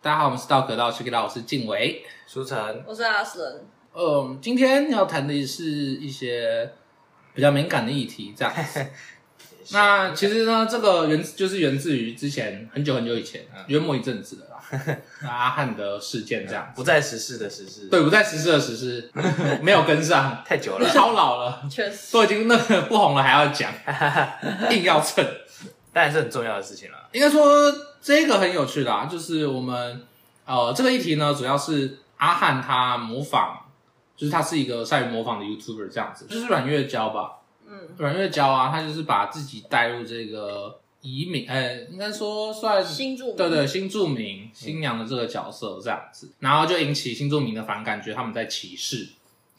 大家好，我們是道可道，徐吉老師、靜偉、舒晨，我是阿斯冷。嗯，今天要談的是一些比較敏感的議題，這樣子。 那其實呢，這個源就是源自於之前很久很久以前，淹、嗯、沒一陣子的啦、 啊、阿翰的事件，這樣子，不在時事的時事，對，不在時事的時事， 沒有跟上，太久了，超老了，確實都已經那個不紅了還要講， 硬要蹭，當然是很重要的事情了，應該說。這個很有趣的，啊，就是我們呃，這個議題呢，主要是阿翰他模仿，就是他是一個善於模仿的 YouTuber，這樣子，就是阮月嬌吧，嗯，阮月嬌啊，她就是把自己帶入這個移民，誒、欸、應該說算是新住，對對，新住民新娘的這個角色這樣子，然後就引起新住民的反感覺，覺得他們在歧視，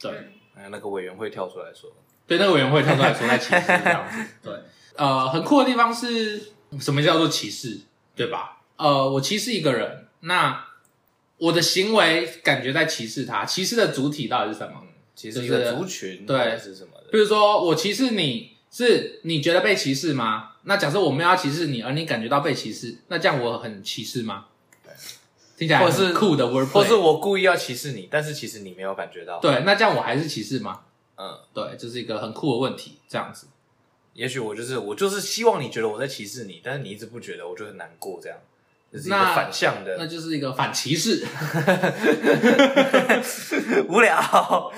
對，哎、欸，那個委員會跳出來說，對，那個委員會跳出來說在歧視這樣子，對，呃，很酷的地方是什麼叫做歧視？對吧？呃，我歧視一個人，那我的行為感覺在歧視他。歧視的主體到底是什麼？歧視的族群對是什麼的？比如說，我歧視你是你覺得被歧視嗎？那假設我們要歧視你，而你感覺到被歧視，那這樣我很歧視嗎？對，聽起來很酷的 wordplay，或，是，或是我故意要歧視你，但是其實你沒有感覺到。對，那這樣我還是歧視嗎？嗯，對，這、就是一個很酷的問題，這樣子。也許我就是我就是希望你覺得我在歧視你，但是你一直不覺得，我就很難過。這樣，這是一個反向的，那，那就是一個反歧視。 無聊，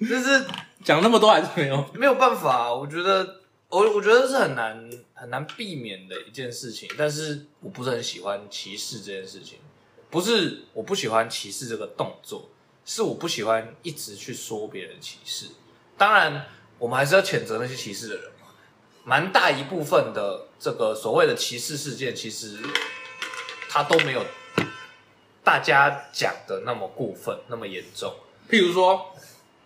就是講 那麼多還是沒有沒有辦法。我覺得我我覺得是很難很難避免的一件事情，但是我不是很喜歡歧視這件事情。不是我不喜歡歧視這個動作，是我不喜歡一直去說別人歧視。當然，我們還是要譴責那些歧視的人。蠻大一部分的這個所謂的歧視事件，其實他都沒有大家講的那麼過分，那麼嚴重。譬如說，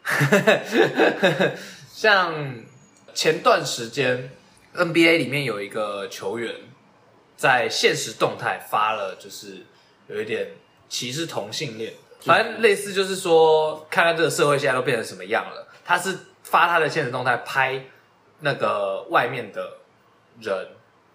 像前段時間 NBA 裡面有一個球員在限時動態發了，就是有一點歧視同性戀，反正類似，就是說看看這個社會現在都變成什麼樣了。他是發他的限時動態拍。那個外面的人，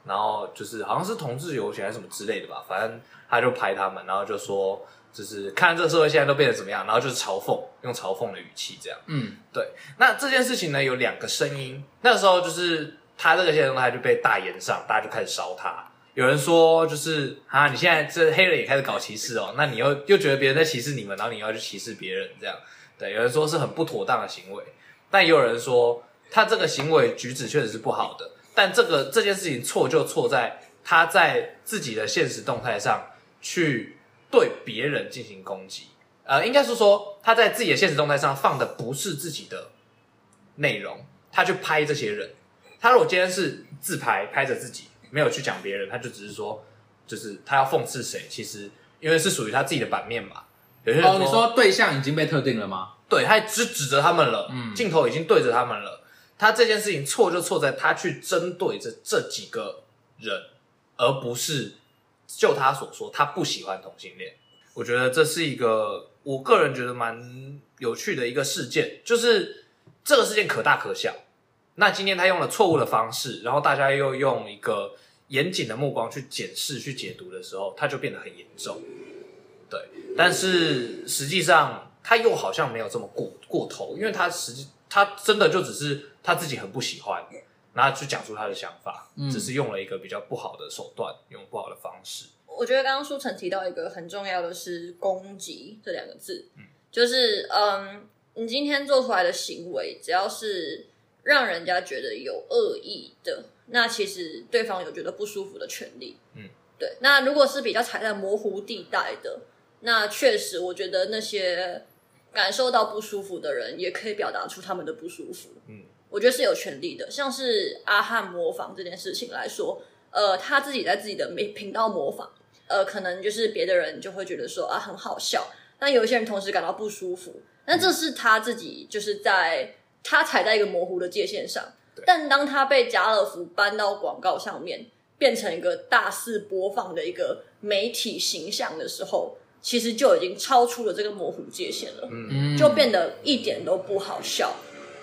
然後就是好像是同志遊行還是什麼之類的吧，反正他就拍他們，然後就說，就是看這社會現在都變得怎麼樣，然後就是嘲諷，用嘲諷的語氣這樣。嗯，對。那這件事情呢，有兩個聲音。那時候就是他這個現在狀態就被大炎上，大家就開始燒他。有人說就是啊，你現在這黑人也開始搞歧視哦，那你又又覺得別人在歧視你們，然後你又要去歧視別人這樣。對，有人說是很不妥當的行為，但也有人說。他這個行為舉止確實是不好的，但這個這件事情錯就錯在他在自己的現實動態上去對別人進行攻擊。呃，應該是說他在自己的現實動態上放的不是自己的內容，他去拍這些人。他如果今天是自拍，拍着自己，沒有去講別人，他就只是說，就是他要諷刺誰，其實因為是屬於他自己的版面嘛。有些人說，哦，你說對象已經被特定了嗎？對，他只指着他們了，嗯，鏡頭已經對着他們了。他這件事情錯就錯在，他去針對着這幾個人，而不是就他所說，他不喜歡同性戀。我覺得這是一個我個人覺得蠻有趣的一個事件，就是這個事件可大可小。那今天他用了錯誤的方式，然後大家又用一個嚴謹的目光去檢視、去解讀的時候，他就變得很嚴重。對，但是實際上他又好像沒有這麼過過頭，因為他實際。他真的就只是他自己很不喜歡，然後去講出他的想法，嗯，只是用了一個比較不好的手段，用不好的方式。我覺得剛剛書成提到一個很重要的是“攻擊”這兩個字，嗯，就是嗯，你今天做出來的行為，只要是讓人家覺得有惡意的，那其實對方有覺得不舒服的權利，嗯，對。那如果是比較踩在模糊地帶的，那確實我覺得那些。感受到不舒服的人也可以表達出他們的不舒服。嗯，我覺得是有權利的。像是阿翰模仿這件事情來說，呃，他自己在自己的頻道模仿，呃，可能就是別的人就會覺得說啊很好笑，但有一些人同時感到不舒服。那這是他自己就是在他踩在一個模糊的界限上，嗯。但當他被家樂福搬到廣告上面，變成一個大肆播放的一個媒體形象的時候，其實就已經超出了這個模糊界限了，嗯、就變得一點都不好笑。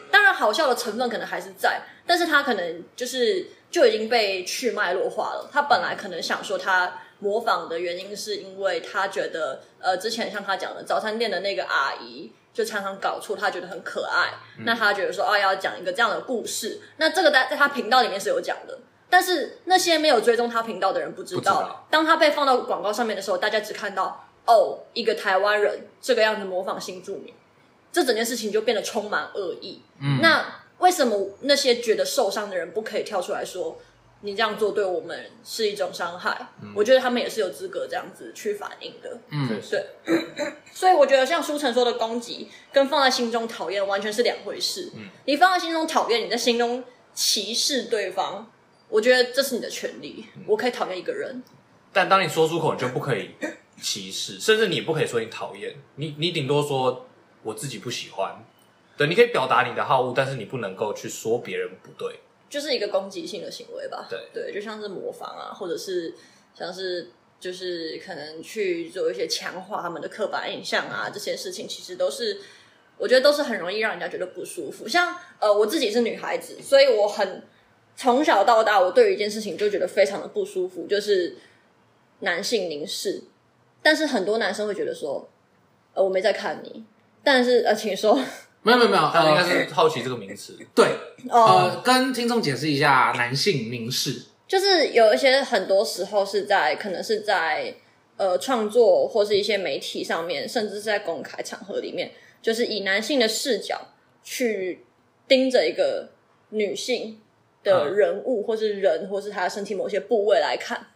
當然，好笑的成分可能還是在，但是他可能就是就已經被去脈絡化了。他本來可能想說，他模仿的原因是因為他覺得，呃，之前像他講的早餐店的那個阿姨，就常常搞錯，他覺得很可愛。嗯、那他覺得說，啊、哦，要講一個這樣的故事。那這個在在他頻道裡面是有講的，但是那些沒有追蹤他頻道的人不知道。不知道，當他被放到廣告上面的時候，大家只看到。哦、oh，一個台灣人這個樣子模仿新住民，這整件事情就變得充滿惡意。嗯，那為什麼那些覺得受傷的人不可以跳出來說，你這樣做對我們是一種傷害？嗯？我覺得他們也是有資格這樣子去反應的。嗯，是是，對。所以我覺得像書成說的攻擊跟放在心中討厭完全是兩回事，嗯。你放在心中討厭，你在心中歧視對方，我覺得這是你的權利。我可以討厭一個人，但當你說出口，你就不可以。 歧視，甚至你也不可以說你討厭，你你頂多說我自己不喜歡。對，你可以表達你的好惡，但是你不能夠去說別人不對，就是一個攻擊性的行為吧？對，對，就像是模仿啊，或者是像是就是可能去做一些強化他們的刻板印象啊，嗯，這些事情其實都是我覺得都是很容易讓人家覺得不舒服。像呃，我自己是女孩子，所以我很從小到大，我對於一件事情就覺得非常的不舒服，就是男性凝視。但是很多男生會覺得說，呃，我沒在看你，但是呃，請說。沒有沒有沒有，他應該是好奇這個名詞。嗯、對，呃，跟聽眾解釋一下，男性凝視，就是有一些很多時候是在可能是在呃創作或是一些媒體上面，甚至是在公開場合裡面，就是以男性的視角去盯着一個女性的人物、嗯、或是人或是她的身體某些部位來看。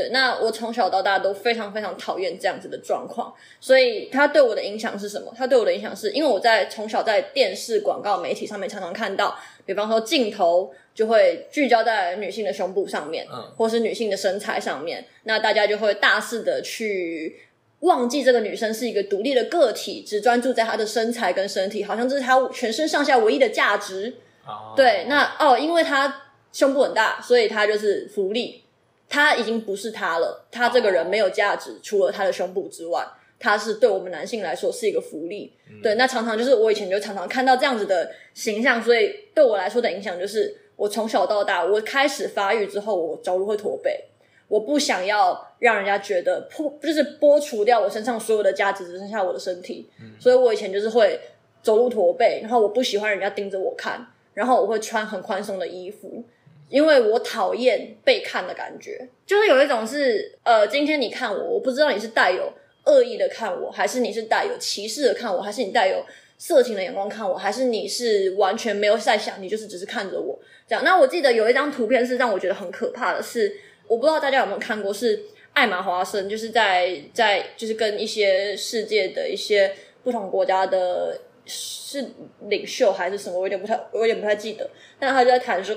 對，那我從小到大都非常非常討厭這樣子的狀況，所以他對我的影響是什麼？他對我的影響是因為我在從小在電視廣告媒體上面常常看到，比方說鏡頭就會聚焦在女性的胸部上面，嗯，或是女性的身材上面，嗯，那大家就會大肆的去忘記這個女生是一個獨立的個體，只專注在她的身材跟身體，好像這是她全身上下唯一的價值。嗯，對，那哦，因為她胸部很大，所以她就是福利。他已經不是他了，他這個人沒有價值，除了他的胸部之外，他是對我們男性來說是一個福利。嗯。對，那常常就是我以前就常常看到這樣子的形象，所以對我來說的影響就是，我從小到大，我開始發育之後，我走路會駝背，我不想要讓人家覺得破，就是剝除掉我身上所有的價值，只剩下我的身體。嗯。所以我以前就是會走路駝背，然後我不喜歡人家盯着我看，然後我會穿很寬鬆的衣服。因為我討厭被看的感覺，就是有一種是，呃，今天你看我，我不知道你是帶有惡意的看我，還是你是帶有歧視的看我，還是你帶有色情的眼光看我，還是你是完全沒有在想，你就是只是看着我這樣。那我記得有一張圖片是讓我覺得很可怕的是，我不知道大家有沒有看過，是艾瑪·華生就是在在就是跟一些世界的一些不同國家的，是領袖還是什麼，我有點不太，我有點不太記得。但他就在談說。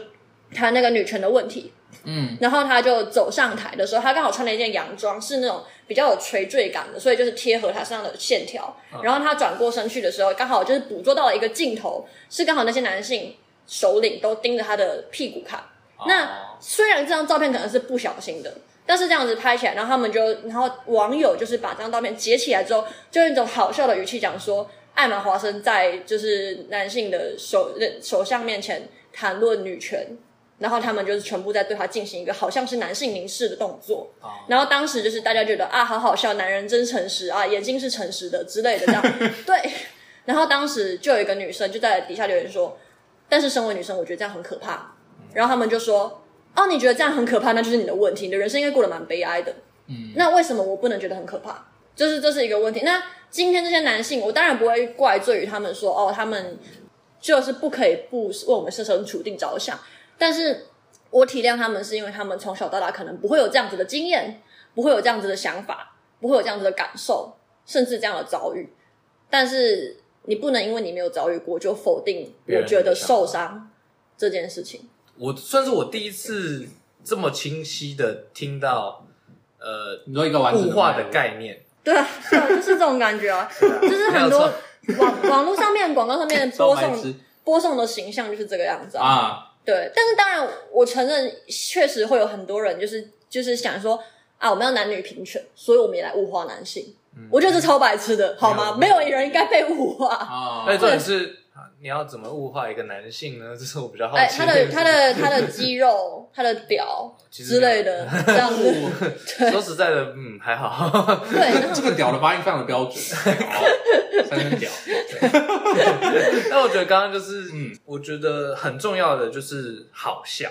他那個女權的問題，嗯，然後他就走上台的時候，他剛好穿了一件洋裝，是那種比較有垂墜感的，所以就是貼合他身上的線條，啊。然後他轉過身去的時候，剛好就是捕捉到了一個鏡頭，是剛好那些男性首領都盯着他的屁股看。啊、那雖然這張照片可能是不小心的，但是這樣子拍起來，然後他們就，然後網友就是把這張照片截起來之後，就用一種好笑的語氣講說，艾瑪·華生在就是男性的首首相面前談論女權。然後他們就是全部在對他進行一個好像是男性凝視的動作，oh. 然後當時就是大家覺得啊，好好笑，男人真誠實啊，眼睛是誠實的之類的這樣。 對，然後當時就有一個女生就在底下留言說：“但是身為女生，我覺得這樣很可怕。”然後他們就說：“哦，你覺得這樣很可怕，那就是你的問題，你的人生應該過得蠻悲哀的。Mm. ”那為什麼我不能覺得很可怕？就是這是一個問題。那今天這些男性，我當然不會怪罪於他們說：“哦，他們就是不可以不為我們設身處地着想。”但是我體諒他們，是因為他們從小到大可能不會有這樣子的經驗，不會有這樣子的想法，不會有這樣子的感受，甚至這樣的遭遇。但是你不能因為你沒有遭遇過，就否定我覺得受傷這件事情。我算是我第一次這麼清晰的聽到，呃，你說一個物化，物化的概念，對，啊，就是這種感覺啊。 就是很多網網絡上面、廣告上面播送 播送的形象就是這個樣子啊。啊對，但是當然，我承認確實會有很多人，就是就是想說啊，我們要男女平權，所以我們也來物化男性。嗯，我覺得這是超白痴的，好嗎？沒有人應該被物化。啊，嗯，這也是。你要怎麼物化一個男性呢？這是我比較好奇、欸。哎，他的他的他的肌肉，他的屌 之類的這樣子 但是說實在的，嗯，還好。對， 對 這個屌的發音非常的標準， 三聲屌。那 我覺得剛剛就是， 嗯，我覺得很重要的就是好笑。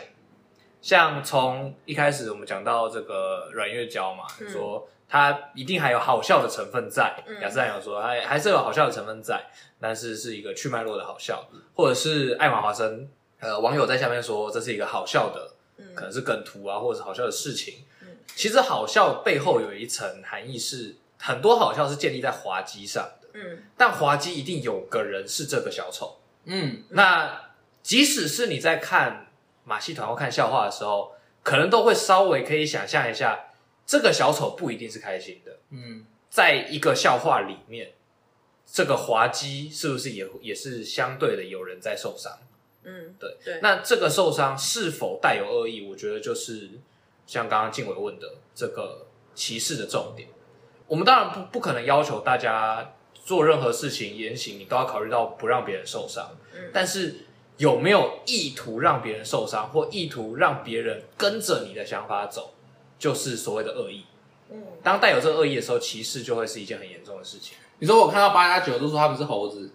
像從一開始我們講到這個阮月嬌嘛、嗯，說他一定還有好笑的成分在。阿斯冷有說，還還是有好笑的成分在，嗯、但是是一個去脈絡的好笑，嗯、或者是艾瑪華生。呃，網友在下面說，這是一個好笑的，嗯、可能是梗圖啊，或者是好笑的事情。嗯、其實好笑背後有一層含義是、嗯，很多好笑是建立在滑稽上的。嗯，但滑稽一定有個人是這個小丑。嗯，那即使是你在看。馬戲團要看笑話的時候，可能都會稍微可以想象一下，這個小丑不一定是開心的。嗯，在一個笑話裡面，這個滑稽是不是也也是相對的有人在受傷？嗯，對，對。那這個受傷是否帶有惡意？我覺得就是像剛剛靜偉問的這個歧視的重點。我們當然不不可能要求大家做任何事情言行，你都要考慮到不讓別人受傷。嗯，但是。有沒有意圖讓別人受傷，或意圖讓別人跟着你的想法走，就是所謂的惡意。嗯、當帶有這個惡意的時候，歧視就會是一件很嚴重的事情、嗯。你說我看到八加九都說他不是猴子，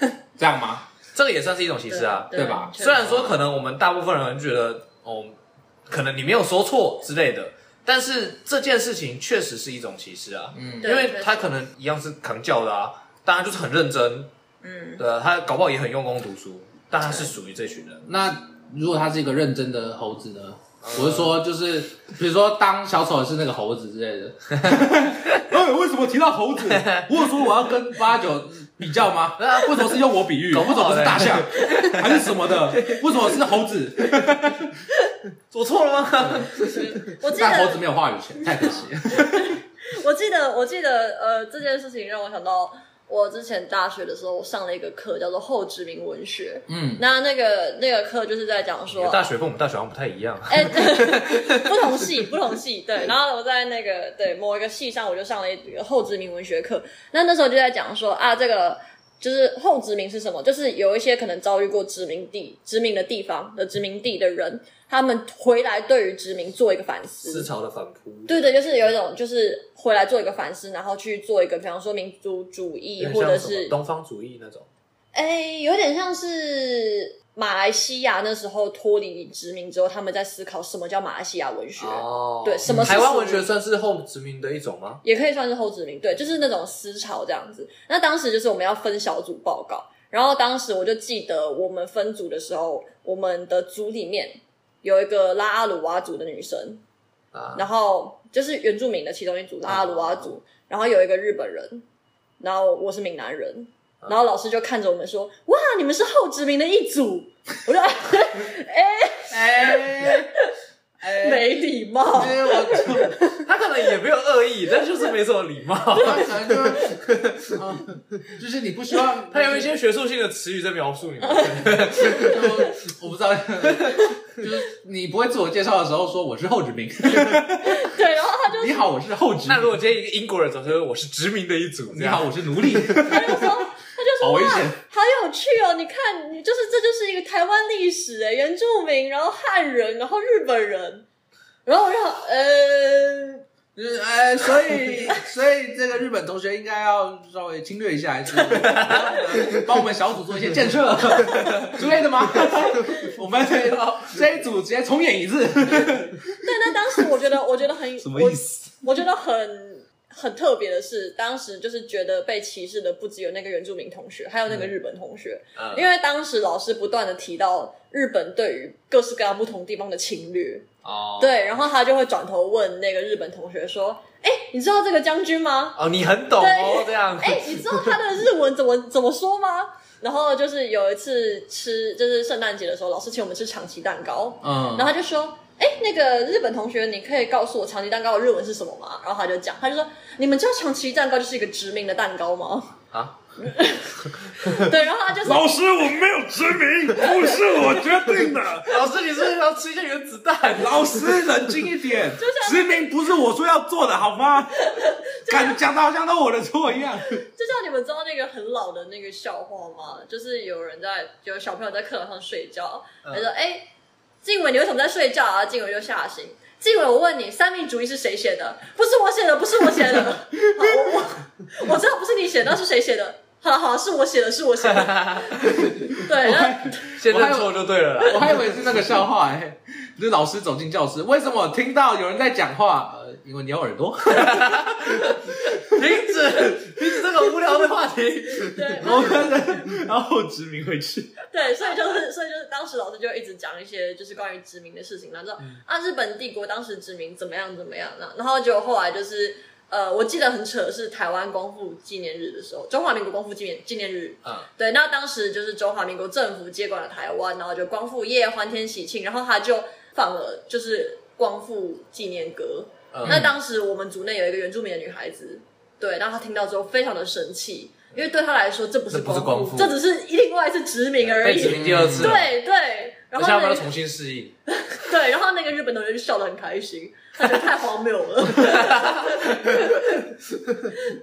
這樣嗎？ 這個也算是一種歧視啊，對，啊對，啊對吧？雖然說可能我們大部分人覺得哦，可能你沒有說錯之類的，但是這件事情確實是一種歧視啊。嗯，因為他可能一樣是扛轎的啊，嗯、當然就是很認真。嗯、對、啊、他搞不好也很用功讀書。嗯然，他是屬於這群人。那如果他是一個認真的猴子呢？Uh, 我是說，就是比如說，當小丑是那個猴子之類的。哎， 為什麼提到猴子？我是說，我要跟八九比較嗎？ 為什麼是用我比喻？搞不懂是大象 還是什麼的？ 為什麼是猴子？ 我錯了嗎？ 我記得 但猴子沒有話語權，太可惜了。了。 我記得，我記得，呃，這件事情讓我想到。我之前大學的時候，我上了一個課叫做後殖民文學。嗯，那那個那個課就是在講說，大學跟我們大學好像不太一樣。哎、欸， 不同系，不同系，對。然後我在那個對某一個系上，我就上了一個後殖民文學課。那那時候就在講說啊，這個就是後殖民是什麼？就是有一些可能遭遇過殖民地、殖民的地方的殖民地的人。他們回來，對於殖民做一個反思。思潮的反撲。對的，就是有一種，就是回來做一個反思，然後去做一個，比方說民族主義，或者是東方主義那種。哎、欸，有點像是馬來西亞那時候脫離殖民之後，他們在思考什麼叫馬來西亞文學。哦，對，什麼是台灣文學算是後殖民的一種嗎？也可以算是後殖民，對，就是那種思潮這樣子。那當時就是我們要分小組報告，然後當時我就記得我們分組的時候，我們的組裡面。有一個拉阿魯瓦族的女生、啊，然後就是原住民的其中一組、啊、拉阿魯瓦族、啊啊，然後有一個日本人，然後我是閩南人、啊，然後老師就看着我們說：“哇，你們是後殖民的一組。”我就我 說、 欸：“哎哎。”哎、沒禮貌我。他可能也沒有惡意， 但就是沒什麼禮貌 對、 就是嗯。就是你不希望他有一些學術性的詞語在描述你。 我不知道，就是你不會自我介紹的時候說我 “我是後殖民”。對，哦，他就你好，我是後殖民。那如果今天一個英國人，他說我是殖民的一組，你好，我是奴隸。 好危險，好有趣哦！你看，你就是這就是一個台灣歷史誒，原住民，然後漢人，然後日本人，然後讓呃呃，所以， 所以所以這個日本同學應該要稍微侵略一下一次，還 是，幫、呃、我們小組做一些建設 之類的嗎？ 我們這一組直接重演一次。 對，那當時我覺得，我覺得很我什麼意思？我覺得很。很特別的是，當時就是覺得被歧視的不只有那個原住民同學，還有那個日本同學。嗯嗯、因為當時老師不斷的提到日本對於各式各樣不同地方的侵略哦，對，然後他就會轉頭問那個日本同學說：“欸、你知道這個將軍嗎？”啊、哦，你很懂對哦，這樣子。哎、欸，你知道他的日文怎麼怎麼說嗎？然後就是有一次吃，就是聖誕節的時候，老師請我們吃長崎蛋糕。嗯，然後他就說。哎，那個日本同學，你可以告訴我長崎蛋糕的日文是什麼嗎？然後他就講，他就說，你們知道長崎蛋糕就是一個殖民的蛋糕嗎？啊？ 對，然後他就說老師，我沒有殖民，不是我決定的。 老師，你是，不是要吃一下原子彈？老師， 冷靜一點就像、那個，殖民不是我說要做的，好嗎？就講的好像都我的錯一樣。就像你們知道那個很老的那個笑話嗎？就是有人在有小朋友在課堂上睡覺，他、嗯、說，哎。靜偉，你為什麼在睡覺啊？靜偉又嚇醒。靜偉，我問你，《三民主義》是誰寫的？不是我寫的，不是我寫的好我。我知道不是你寫的，那是誰寫的？好好，好是我寫的，是我寫的。 對，寫認錯就對了 我還以為是那個笑話誒、欸那老師走進教室，為什麼聽到有人在講話？呃，因為你有耳朵。停 止， 停止這個無聊的話題。 對，然然後殖民回去。對，所以就是，所以就是，當時老師就一直講一些就是關於殖民的事情，然後道、嗯、啊，日本帝國當時殖民怎麼樣怎麼樣、啊，然然後就後來就是呃，我記得很扯，是台灣光復紀念日的時候，中華民國光復紀念紀念日啊，對，那當時就是中華民國政府接管了台灣，然後就光復夜歡天喜慶，然後他就。放了就是光復紀念歌、嗯，那當時我們組內有一個原住民的女孩子，對，然後她聽到之後非常的生氣，因為對她來說這不是光復，這只是另外一次殖民而已，對對,被殖民第二次,對。然後她、就是、要,要重新適應， 對，然後那個日本人就笑得很開心，他覺得太荒謬了。對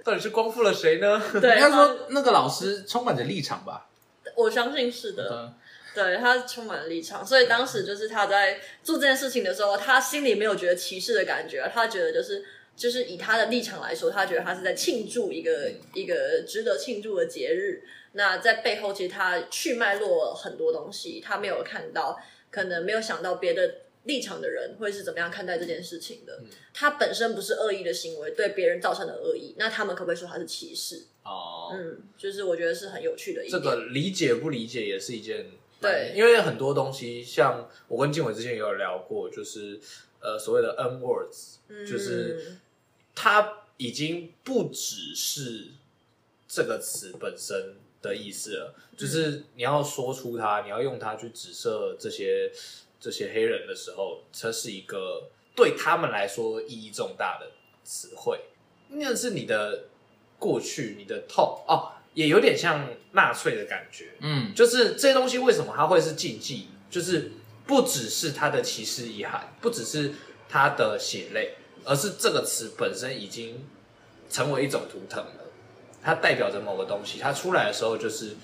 到底是光復了誰呢？應該說那個老師充滿着立場吧，我相信是的。嗯對，他充滿了立場，所以當時就是他在做這件事情的時候，他心裡沒有覺得歧視的感覺，他覺得就是就是以他的立場來說，他覺得他是在慶祝一個、嗯、一個值得慶祝的節日。那在背後，其實他去脈絡了很多東西，他沒有看到，可能沒有想到別的立場的人會是怎麼樣看待這件事情的、嗯。他本身不是惡意的行為，對別人造成的惡意，那他們可不可以說他是歧視？哦，嗯，就是我覺得是很有趣的一點。這個理解不理解也是一件。對，因為很多東西，像我跟靜偉之前也有聊過，就是呃所謂的 N words，、嗯、就是它已經不只是這個詞本身的意思了，就是你要說出它，你要用它去指涉這些這些黑人的時候，它是一個對他們來說意義重大的詞彙，那是你的過去，你的痛哦。也有點像納粹的感覺，嗯，就是這些東西為什麼它會是禁忌？就是不只是它的歧視遺憾，不只是它的血淚，而是這個詞本身已經成為一種圖騰了。它代表着某個東西，它出來的時候就是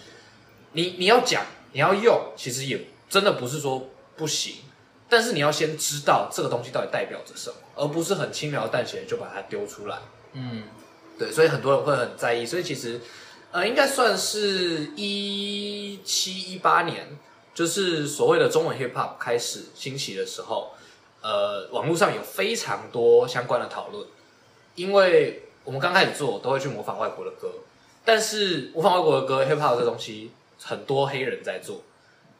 你你要講，你要用，其實也真的不是說不行，但是你要先知道這個東西到底代表着什麼，而不是很輕描淡寫的就把它丟出來。嗯，對，所以很多人會很在意，所以其實。呃、嗯，應該算是一七一八年，就是所謂的中文 hip hop 開始興起的時候，呃，網絡上有非常多相關的討論，因為我們剛開始做，都會去模仿外國的歌，但是模仿外國的歌，hip hop 這東西很多黑人在做，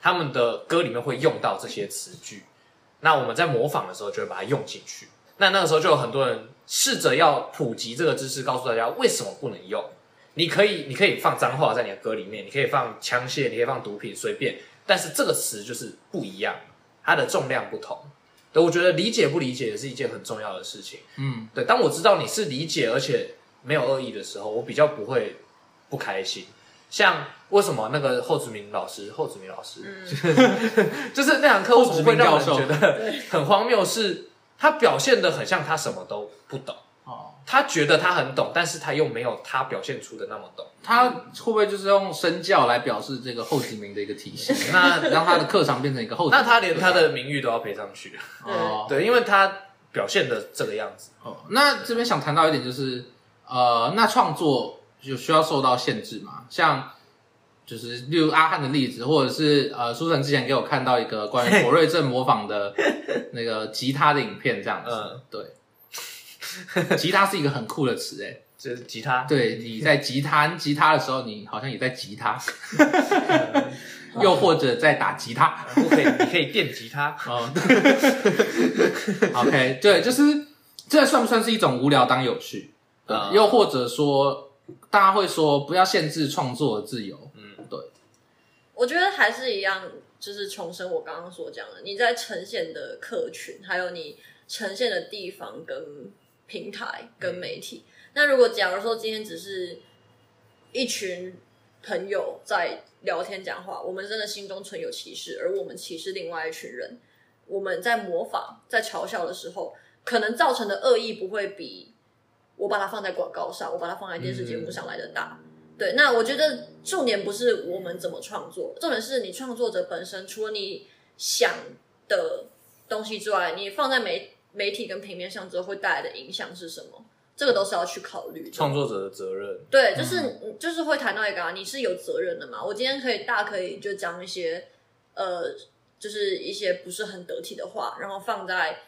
他們的歌裡面會用到這些詞句，那我們在模仿的時候就會把它用進去，那那個時候就有很多人試着要普及這個知識，告訴大家為什麼不能用。你可以，你可以放髒話在你的歌裡面，你可以放槍械，你可以放毒品，隨便。但是這個詞就是不一樣，它的重量不同。對，我覺得理解不理解也是一件很重要的事情。嗯，對。當我知道你是理解而且沒有惡意的時候，我比較不會不開心。像為什麼那個侯志明老師，侯志明老師，嗯、 就是那堂課為什麼會讓我覺得很荒謬？是他表現得很像他什麼都不懂。他覺得他很懂、嗯，但是他又沒有他表現出的那麼懂。他會不會就是用身教來表示這個後殖民的一個體系？ 那讓他的課程變成一個後， 那他連他的名譽都要賠上去？哦，對，因為他表現的這個樣子。哦，那這邊想談到一點就是，呃，那創作有需要受到限制嗎？像就是例如阿翰的例子，或者是呃，舒城之前給我看到一個關於國瑞正模仿的那個吉他的影片，這樣子。嗯，對。 吉他是一個很酷的詞，哎，這是吉他。對，你在吉他，吉他的時候，你好像也在吉他， 又或者在打吉他、 嗯。 不可以，你可以電吉他。 OK，對，就是這算不算是一種無聊當有趣、 嗯？又或者說，大家會說不要限制創作的自由？嗯，對。我覺得還是一樣，就是重申我剛剛所講的，你在呈現的客群，還有你呈現的地方跟。平台跟媒體，嗯。那如果假如說今天只是一群朋友在聊天講話，我們真的心中存有歧視，而我們歧視另外一群人，我們在模仿、在嘲笑的時候，可能造成的惡意不會比我把它放在廣告上，我把它放在電視節目上來得大，嗯嗯。對，那我覺得重點不是我們怎麼創作，重點是你創作者本身，除了你想的東西之外，你放在媒。媒體跟平面上之後會帶來的影響是什麼？這個都是要去考慮的。創作者的責任，對，就是，嗯，就是會談到一個，啊，你是有責任的嘛？我今天可以大可以就講一些，呃，就是一些不是很得體的話，然後放在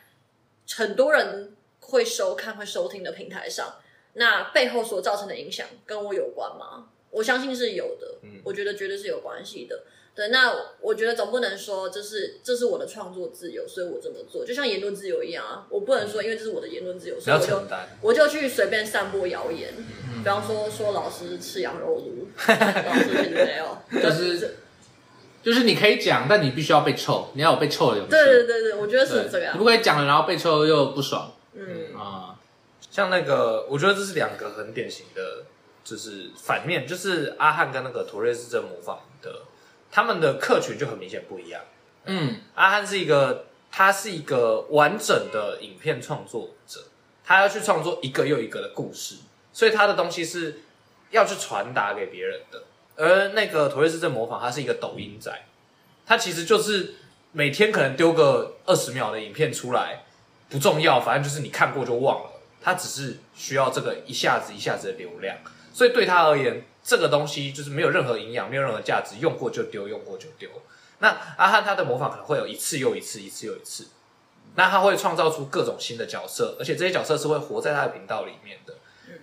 很多人會收看、會收聽的平台上，那背後所造成的影響跟我有關嗎？我相信是有的，嗯，我覺得絕對是有關係的。對，那我覺得總不能說這，就是這是我的創作自由，所以我這麼做，就像言論自由一樣啊，我不能說，因為這是我的言論自由，所以我就，擔我，就我就去隨便散播謠言，嗯、比方說說老師吃羊肉爐， 老師並沒有，就是就是你可以講，但你必須要被臭，你要有被臭的勇氣。對對對對，我覺得是這樣。你不可以講了，然後被臭又不爽。嗯啊、嗯呃，像那個，我覺得這是兩個很典型的就是反面，就是阿翰跟那個托瑞斯這模仿的。他們的客群就很明顯不一樣，嗯、啊。嗯，阿翰是一個，他是一個完整的影片創作者，他要去創作一個又一個的故事，所以他的東西是要去傳達給別人的。而那個土瑞斯在模仿，他是一個抖音仔，他其實就是每天可能丟個二十秒的影片出來，不重要，反正就是你看過就忘了，他只是需要這個一下子一下子的流量，所以對他而言。這個東西就是沒有任何營養，沒有任何價值，用過就丟，用過就丟。那阿翰他的模仿可能會有一次又一次，一次又一次。那他會創造出各種新的角色，而且這些角色是會活在他的頻道裡面的。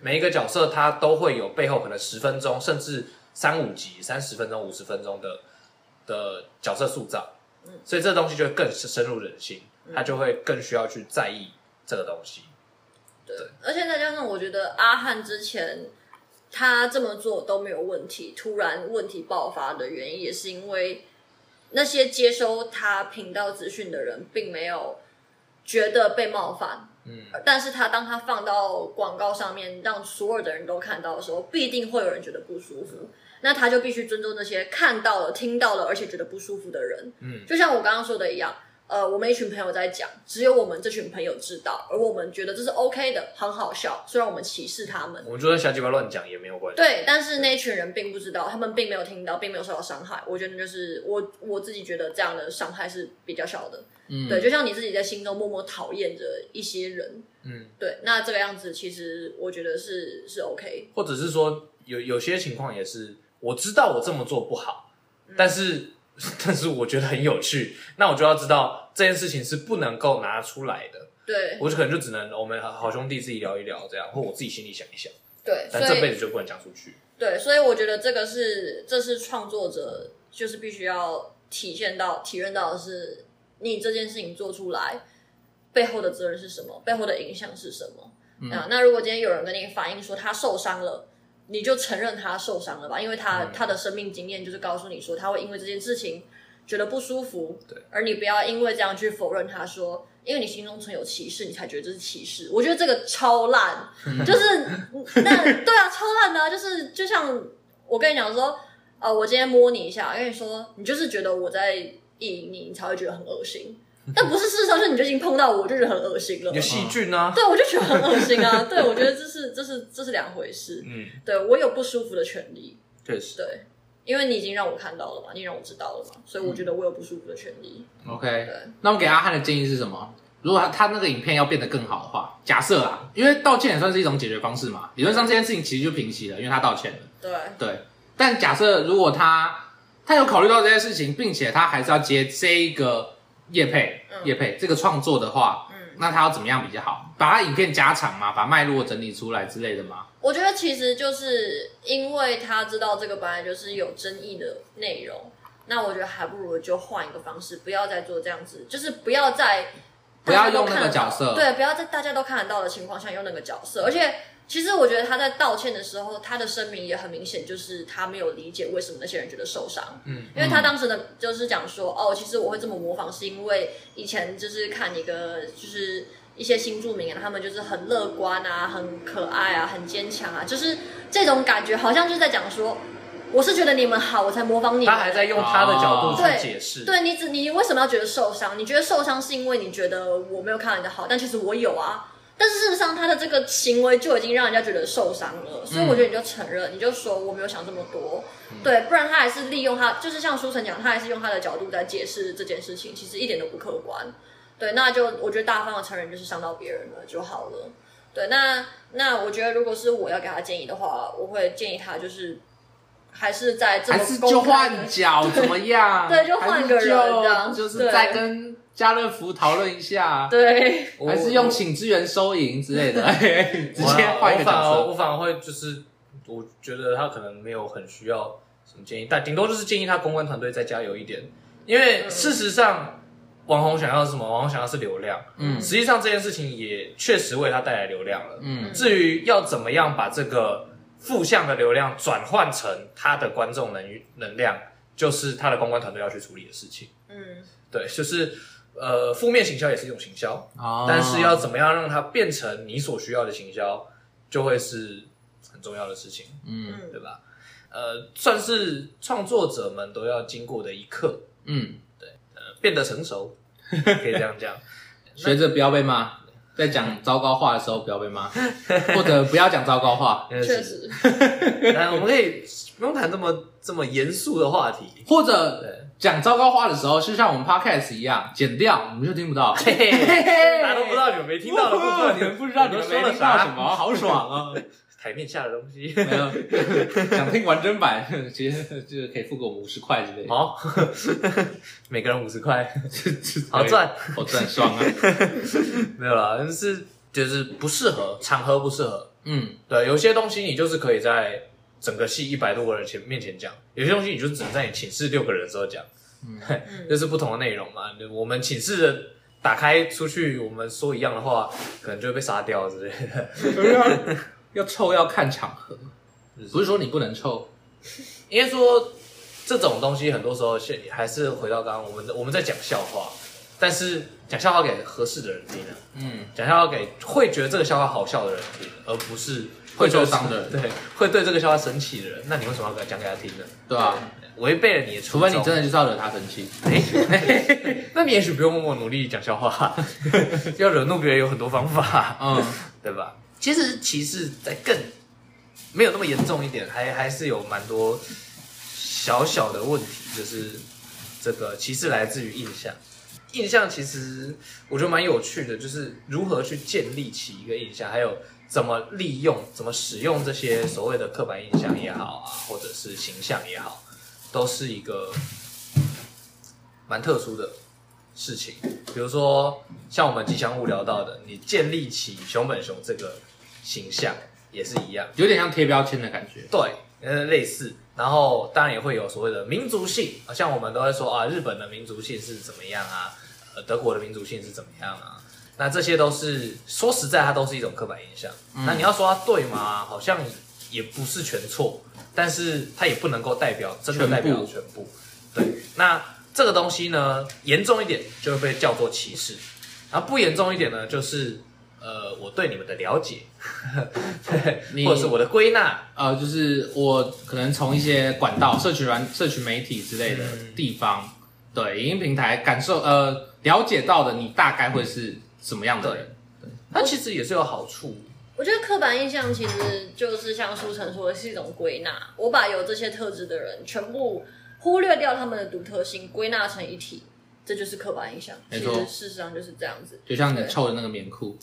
每一個角色他都會有背後可能十分鐘，甚至三五集、三十分鐘、五十分鐘的的角色塑造。所以這東西就會更深入人心，他就會更需要去在意這個東西。對，對，而且再加上我覺得阿翰之前。他這麼做都沒有問題，突然問題爆發的原因也是因為那些接收他頻道資訊的人並沒有覺得被冒犯，嗯，但是他當他放到廣告上面讓所有的人都看到的時候，必定會有人覺得不舒服，嗯，那他就必須尊重那些看到了、聽到了而且覺得不舒服的人，嗯，就像我剛剛說的一樣。呃，我們一群朋友在講，只有我們這群朋友知道，而我們覺得這是 OK 的，很好笑。雖然我們歧視他們，我們覺得瞎雞巴亂講也沒有關係。對，但是那群人並不知道，他們並沒有聽到，並沒有受到傷害。我覺得就是我我自己覺得這樣的傷害是比較小的。嗯，對，就像你自己在心中默默討厭着一些人。嗯，對，那這個樣子其實我覺得是是 OK。或者是說，有有些情況也是我知道我這麼做不好，嗯，但是。但是我覺得很有趣，那我就要知道這件事情是不能夠拿出來的，對，我就可能就只能我們好兄弟自己聊一聊這樣，或我自己心裡想一想，對，但這輩子就不能講出去。對，所以我覺得這個是，這是創作者就是必須要體現到、體認到的是，你這件事情做出來背後的責任是什麼，背後的影響是什麼。嗯，啊，那如果今天有人跟你反映說他受傷了。你就承認他受傷了吧，因為他、嗯、他的生命經驗就是告訴你說他會因為這件事情覺得不舒服，對，而你不要因為這樣去否認他說，說因為你心中存有歧視，你才覺得這是歧視。我覺得這個超爛，就是 那對啊，超爛的，就是就像我跟你講說，呃，我今天摸你一下，跟你說你就是覺得我在意淫你，你才會覺得很噁心。但不是事實上，就是你就已經碰到我，我就覺得很惡心了。有細菌啊，對，我就覺得很惡心啊！ 對我覺得這是這是這是兩回事。嗯，對我有不舒服的權利，確實，就是，對，因為你已經讓我看到了嘛，你讓我知道了嘛，所以我覺得我有不舒服的權利。OK，嗯，對，okay, 那我給阿翰的建議是什麼？如果他他那個影片要變得更好的話，假設啊，因為道歉也算是一種解決方式嘛。理論上這件事情其實就平息了，因為他道歉了。對對，但假設如果他他有考慮到這件事情，並且他還是要接這一個。業配，嗯、業配，這個創作的話、嗯，那他要怎麼樣比較好？把他影片加長嘛，把脈絡整理出來之類的嘛。我覺得其實就是因為他知道這個本來就是有爭議的內容，那我覺得還不如就換一個方式，不要再做這樣子，就是不要再，不要用那個角色，對，不要在大家都看得到的情況下用那個角色，而且。其實我覺得他在道歉的時候，他的聲明也很明顯，就是他沒有理解為什麼那些人覺得受傷。嗯，因為他當時呢、嗯、就是講說，哦，其實我會這麼模仿，是因為以前就是看一個，就是一些新著名啊，他們就是很樂觀啊，很可愛啊，很堅強啊，就是這種感覺，好像就是在講說，我是覺得你們好，我才模仿你們。他還在用他的角度去解釋，哦、對，對你只你為什麼要覺得受傷？你覺得受傷是因為你覺得我沒有看到你的好，但其實我有啊。但是事實上，他的這個行為就已經讓人家覺得受傷了，所以我覺得你就承認，嗯、你就說我沒有想這麼多、嗯，對，不然他還是利用他，就是像書成講，他還是用他的角度在解釋這件事情，其實一點都不客觀，對，那就我覺得大方的承認就是傷到別人了就好了，對，那那我覺得如果是我要給他建議的話，我會建議他就是還是在這麼公開還是就換角怎麼樣，對，對，就換個人這樣，就是在跟家樂福討論一下，對，還是用請支援收銀之類的，我 直接換一個角色。我反而，我反而會就是，我覺得他可能沒有很需要什麼建議，但頂多就是建議他公關團隊再加油一點。因為事實上，網、嗯、紅想要什麼？網紅想要是流量。嗯，實際上這件事情也確實為他帶來流量了。嗯，至於要怎麼樣把這個負向的流量轉換成他的觀眾能能量，就是他的公關團隊要去處理的事情。嗯，對，就是。呃，負面行銷也是一種行銷，哦，但是要怎麼樣讓它變成你所需要的行銷，就會是很重要的事情，嗯，對吧？呃，算是創作者們都要經過的一刻，嗯，對、呃，變得成熟，可以這樣講， 學着不要被罵。在講糟糕話的時候不要被罵， 或者不要講糟糕話。 確實， 來我們可以不用談這麼這麼嚴肅的話題， 或者講糟糕話的時候，就像我們 podcast 一樣，剪掉我們就聽不到。 嘿嘿嘿嘿，大家都不知道 你們沒聽到的部分， 你們不知道你們說了啥， 好爽啊！ 台面下的東西， 沒有想聽 完整版，其 實 就是可以付給我們五十塊之類的。好，每個人五十塊，好 賺，好賺爽 賺雙啊。 沒有啦，但是就是不適合，場合不適合。嗯，對，有些東西你就是可以在整個系一百多個人前面前講，有些東西你就是只能在你寢室六個人的時候講。嗯，這 是不同的內容嘛？我們寢室的打開出去，我們說一樣的話，可能就會被殺掉之類的。對 要臭要看場合，不是說你不能臭，應該說這種東西很多時候是還是回到剛剛，我們我們在講笑話，但是講笑話給合適的人聽的，嗯，講笑話給會覺得這個笑話好笑的人聽，而不是會受傷的人，對，會對這個笑話生氣的人，那你為什麼要講給他聽呢？對吧，啊？違背了你也，除非你真的就是要惹他生氣，欸欸，那你也許不用默默努力講笑話， 要惹怒別人有很多方法，嗯，對吧？其實歧視在更沒有那麼嚴重一點，還還是有蠻多小小的問題，就是這個歧視來自於印象。印象其實我覺得蠻有趣的，就是如何去建立起一個印象，還有怎麼利用、怎麼使用這些所謂的刻板印象也好啊，或者是形象也好，都是一個蠻特殊的事情。比如說像我們吉祥物聊到的，你建立起熊本熊這個。形象也是一樣，有點像貼標籤的感覺。對，呃，類似。然後當然也會有所謂的民族性，像我們都會說啊，日本的民族性是怎麼樣啊，德國的民族性是怎麼樣啊。那這些都是說實在，它都是一種刻板印象。嗯，那你要說它對嗎？好像也不是全錯，但是它也不能夠代表真的代表全部，全部，對，那這個東西呢，嚴重一點就會被叫做歧視，然後不嚴重一點呢，就是。呃，我對你們的了解，或者是我的歸納，呃，就是我可能從一些管道、社群軟、社群媒體之類的地方、嗯，對，影音平台感受，呃，了解到的你大概會是什麼樣的人？嗯、對，那其實也是有好處。我，我覺得刻板印象其實就是像書成說的，是一種歸納，我把有這些特質的人全部忽略掉他們的獨特性，歸納成一體。這就是刻板印象，其實。事實上就是這樣子，就像你臭的那個棉褲，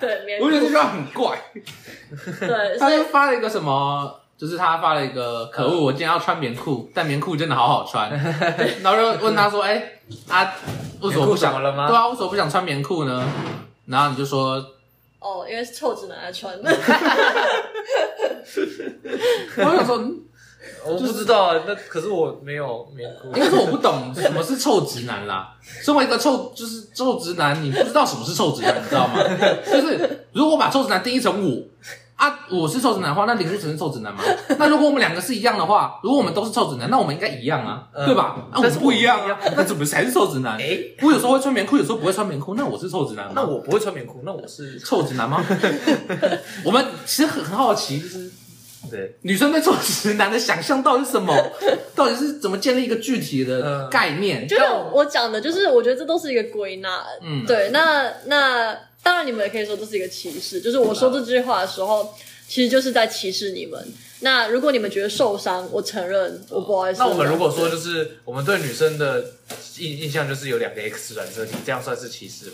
對， 對棉褲。我覺得這句話很怪。對，所以他又發了一個什麼？就是他發了一個可惡，可、哦、惡，我今天要穿棉褲，但棉褲真的好好穿。然後又問他說：“哎、欸，啊，為什麼不想了嗎？對啊，為什麼不想穿棉褲呢？”然後你就說：“哦，因為是臭只能在穿的。 ”哈 我想說。我不知道啊、就是，那可是我沒有沒， 因為我不懂什麼是臭直男啦。 身為一個臭就是臭直男，你不知道什麼是臭直男，你知道嗎？就是如果把臭直男定義成我啊，我是臭直男的話，那林書成是臭直男嗎？ 那如果我們兩個是一樣的話，如果我們都是臭直男，那我們應該一樣啊，嗯、對吧、嗯？啊，但是不一樣啊， 那怎麼才是臭直男？欸、我有時候會穿棉褲，有時候不會穿棉褲，那我是臭直男嗎？那我不會穿棉褲，那我是臭直男嗎？ 我們其實很很好奇，就是。對女生被做時，男的想象到底是什麼？ 到底是怎麼建立一個具體的概念？呃、就是我講的，就是我覺得這都是一個歸納。嗯，對，那那當然你們也可以說這是一個歧視。就是我說這句話的時候，嗯、其實就是在歧視你們、嗯。那如果你們覺得受傷，我承認、哦、我不好意思。那我們如果說就是我們對女生的印印象就是有兩個 X 染色體，你這樣算是歧視嗎？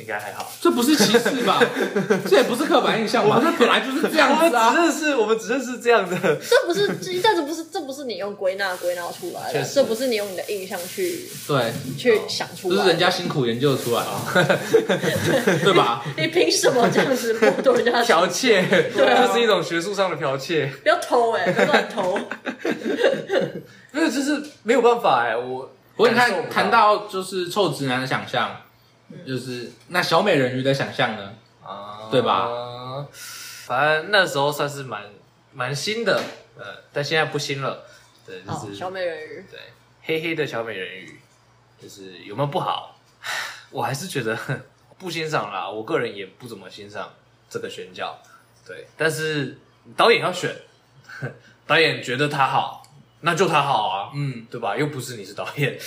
應該還好，這不是歧視吧？ 這也不是刻板印象吧？哇，這本來就是這樣子，啊，我們只認識，我們只認識這樣的。這不是一下子不是，這不是你用歸納歸納出來的，這不是你用你的印象去對去想出來，這，哦，就是人家辛苦研究出來的，哦， 對吧？你憑什麼這樣子剝奪人家？剽竊，啊，這是一種學術上的剽竊，啊，不要偷哎、欸，不要亂偷。因為這是沒有辦法哎、欸，我我你看談到就是臭直男的想象。就是那小美人魚的想象呢，啊、嗯，對吧？反正那時候算是蠻蠻新的、呃，但現在不新了，對，就是、哦、小美人魚，對，黑黑的小美人魚，就是有沒有不好？我還是覺得不欣賞啦。我個人也不怎麼欣賞這個選角，對，但是導演要選，導演覺得他好，那就他好啊，嗯，對吧？又不是你是導演。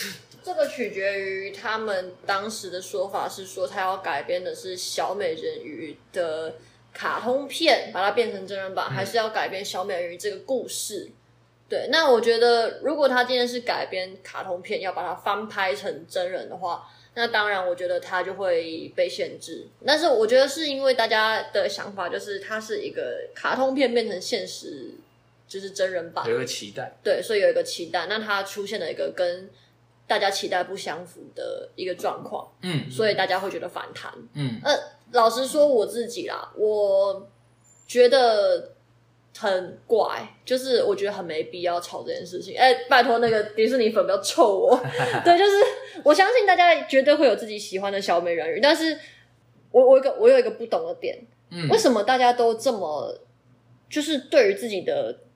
這個取決於他們當時的說法，是說他要改編的是小美人魚的卡通片，把它變成真人版，嗯、還是要改編小美人魚這個故事？對，那我覺得，如果他今天是改編卡通片，要把它翻拍成真人的話，那當然，我覺得他就會被限制。但是，我覺得是因為大家的想法，就是它是一個卡通片變成現實，就是真人版有一個期待，對，所以有一個期待。那它出現了一個跟。大家期待不相符的一個狀況，嗯，所以大家會覺得反彈，嗯，呃，老實說我自己啦，我覺得很怪，就是我覺得很沒必要吵這件事情，哎，拜託那個迪士尼粉不要臭我， 對，就是我相信大家絕對會有自己喜歡的小美人魚，但是，我我一個我有一個不懂的點，嗯，為什麼大家都這麼就是對於自己的。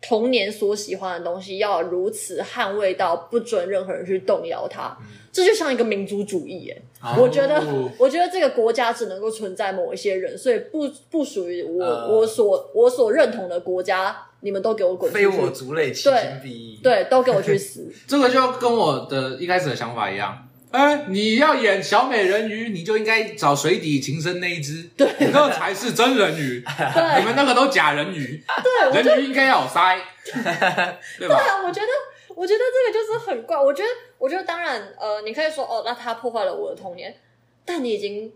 童年所喜歡的東西，要如此捍衛到不准任何人去動搖它、嗯，這就像一個民族主義耶。哎、啊，我覺得我我，我覺得這個國家只能夠存在某一些人，所以不不屬於我、呃、我所我所認同的國家，你們都給我滾出去！非我族類其，其心必異。對，都給我去死！ 這個就跟我的一開始的想法一樣。哎、欸，你要演小美人魚，你就應該找水底情深那一隻，對，那才是真人魚。對，你們那個都假人魚。對，我覺得，人魚應該要鰓。對啊，我覺得，我覺得這個就是很怪。我覺得，我覺得當然，呃，你可以說哦，那他破壞了我的童年。但你已經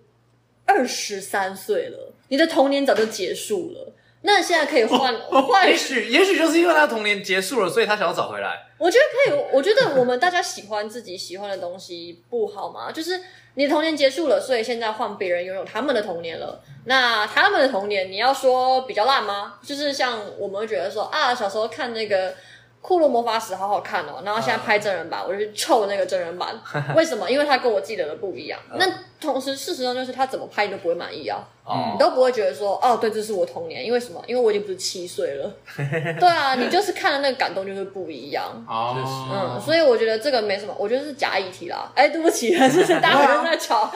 二十三歲了，你的童年早就結束了。那現在可以換、哦？也許也許就是因為他童年結束了，所以他想要找回來。我覺得可以，我覺得我們大家喜歡自己喜歡的東西不好嗎？ 就是你的童年結束了，所以現在換別人擁有他們的童年了。那他們的童年，你要說比較爛嗎？就是像我們會覺得說啊，小時候看那個。庫洛魔法使好好看哦，然後現在拍真人版，嗯、我就去臭那個真人版。為什麼？因為他跟我記得的不一樣、嗯。那同時，事實上就是他怎麼拍你都不會滿意、啊，一、嗯、樣，你都不會覺得說，哦，對，這是我童年。因為什麼？因為我已經不是七歲了。 對啊，你就是看的那個感動就是不一樣。哦，嗯，所以我覺得這個沒什麼，我覺得是假議題啦。哎，對不起，還是大家在吵，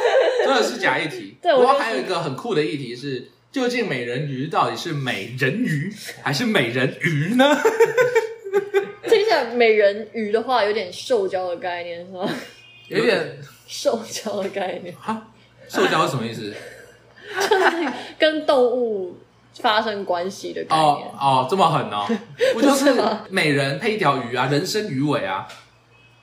真的是假議題。對我、就是，我還有一個很酷的議題是：究竟美人魚到底是美人魚還是美人魚呢？ 聽 起來美人魚的話有點獸交的概念是嗎？有點獸交的概念啊？獸交是什麼意思？ 就是跟動物發生關係的概念哦，哦，這麼狠哦。 不就是美人配一條魚啊， 人身魚尾啊？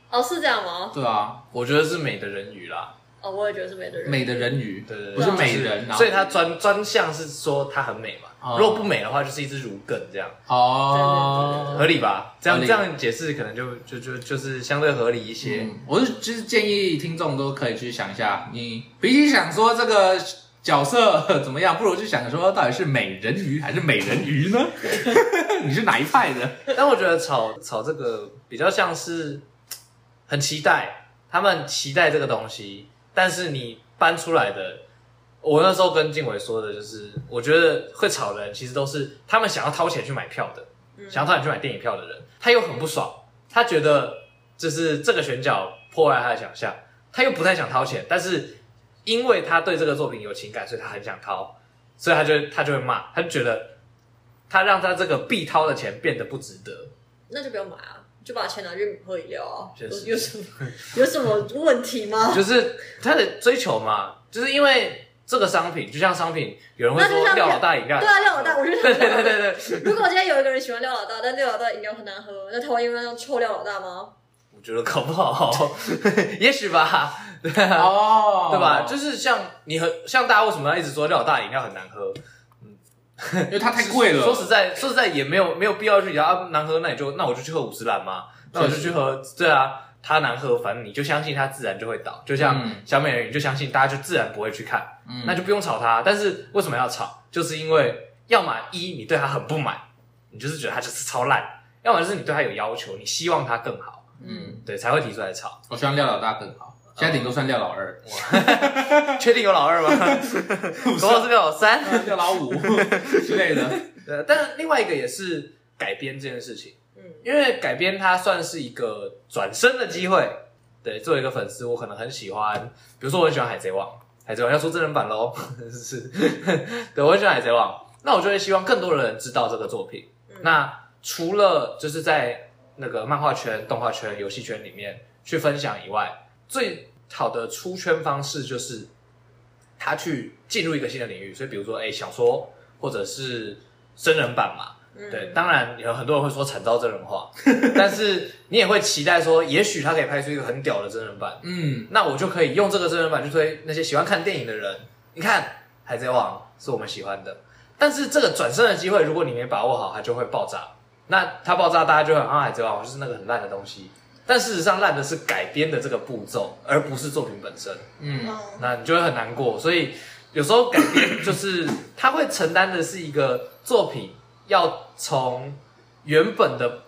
哦，是這樣嗎？對啊，我覺得是美的人魚啦。哦，我也覺得是美的人美的人魚，對對對，不是美人，就是、所以它專專項是說它很美嘛。如、嗯、果不美的話，就是一只乳梗這樣哦，真的真的真的，合理吧？這樣這樣解釋可能就就就就是相對合理一些。嗯、我就是其實建議聽眾都可以去想一下，你比起想說這個角色怎麼樣，不如去想說到底是美人魚還是美人魚呢？ 你是哪一派的？ 但我覺得炒炒這個比較像是很期待他們期待這個東西。但是你搬出來的，我那時候跟靜偉說的就是，我覺得會吵的人，其實都是他們想要掏錢去買票的、嗯，想要掏錢去買電影票的人，他又很不爽，他覺得就是這個選角破壞他的想象，他又不太想掏錢，但是因為他對這個作品有情感，所以他很想掏，所以他就他就會罵，他就覺得他讓他這個必掏的錢變得不值得，那就不要買啊。就把錢拿去喝飲料啊？有什麼有什麼問題嗎？就是他的追求嘛，就是因為這個商品，就像商品，有人會說廖老大飲料，對啊，廖老大，我覺得對對對對。如果今天有一個人喜歡廖老大，但廖老大飲料很難喝，那台灣因為那種臭廖老大嗎？我覺得搞不好， 也許吧。對哦、啊，oh, 對吧？就是像你很像大家為什麼要一直說廖老大飲料很難喝？因為它太貴了， 說實在，說實在也沒有沒有必要去啊難喝，那你就那我就去喝五十嵐嘛，那我就去喝，對啊，它難喝，反正你就相信它自然就會倒，就像小美人魚，嗯、你就相信大家就自然不會去看，嗯、那就不用炒它。但是為什麼要炒？就是因為要麼一你對它很不滿，你就是覺得它就是超爛，要麼就是你對它有要求，你希望它更好，嗯，對，才會提出來炒。我希望廖老大更好。家庭都算掉老二，確 定有老二嗎？可能是掉老三，啊，掉老五之 類累的。 對，但另外一個也是改編這件事情，嗯，因為改編它算是一個轉身的機會。對，作為一個粉絲，我可能很喜歡，比如說我很喜歡海賊王，海賊王要出真人版嘍，是是。對，我很喜歡海賊王，那我就會希望更多的人知道這個作品。那除了就是在那個漫畫圈、動畫圈、遊戲圈裡面去分享以外，最好的出圈方式就是他去進入一個新的領域，所以比如說，哎、欸，小說或者是真人版嘛、嗯，對，當然有很多人會說慘遭真人化， 但是你也會期待說，也許他可以拍出一個很屌的真人版， 嗯，那我就可以用這個真人版去推那些喜歡看電影的人。你看，《海賊王》是我們喜歡的，但是這個轉身的機會，如果你沒把握好，它就會爆炸。那它爆炸，大家就會啊，《海賊王》，就是那個很爛的東西。但事實上，爛的是改編的這個步驟，而不是作品本身。嗯，那你就會很難過。所以有時候改編就是，他會承擔的是一個作品要從原本的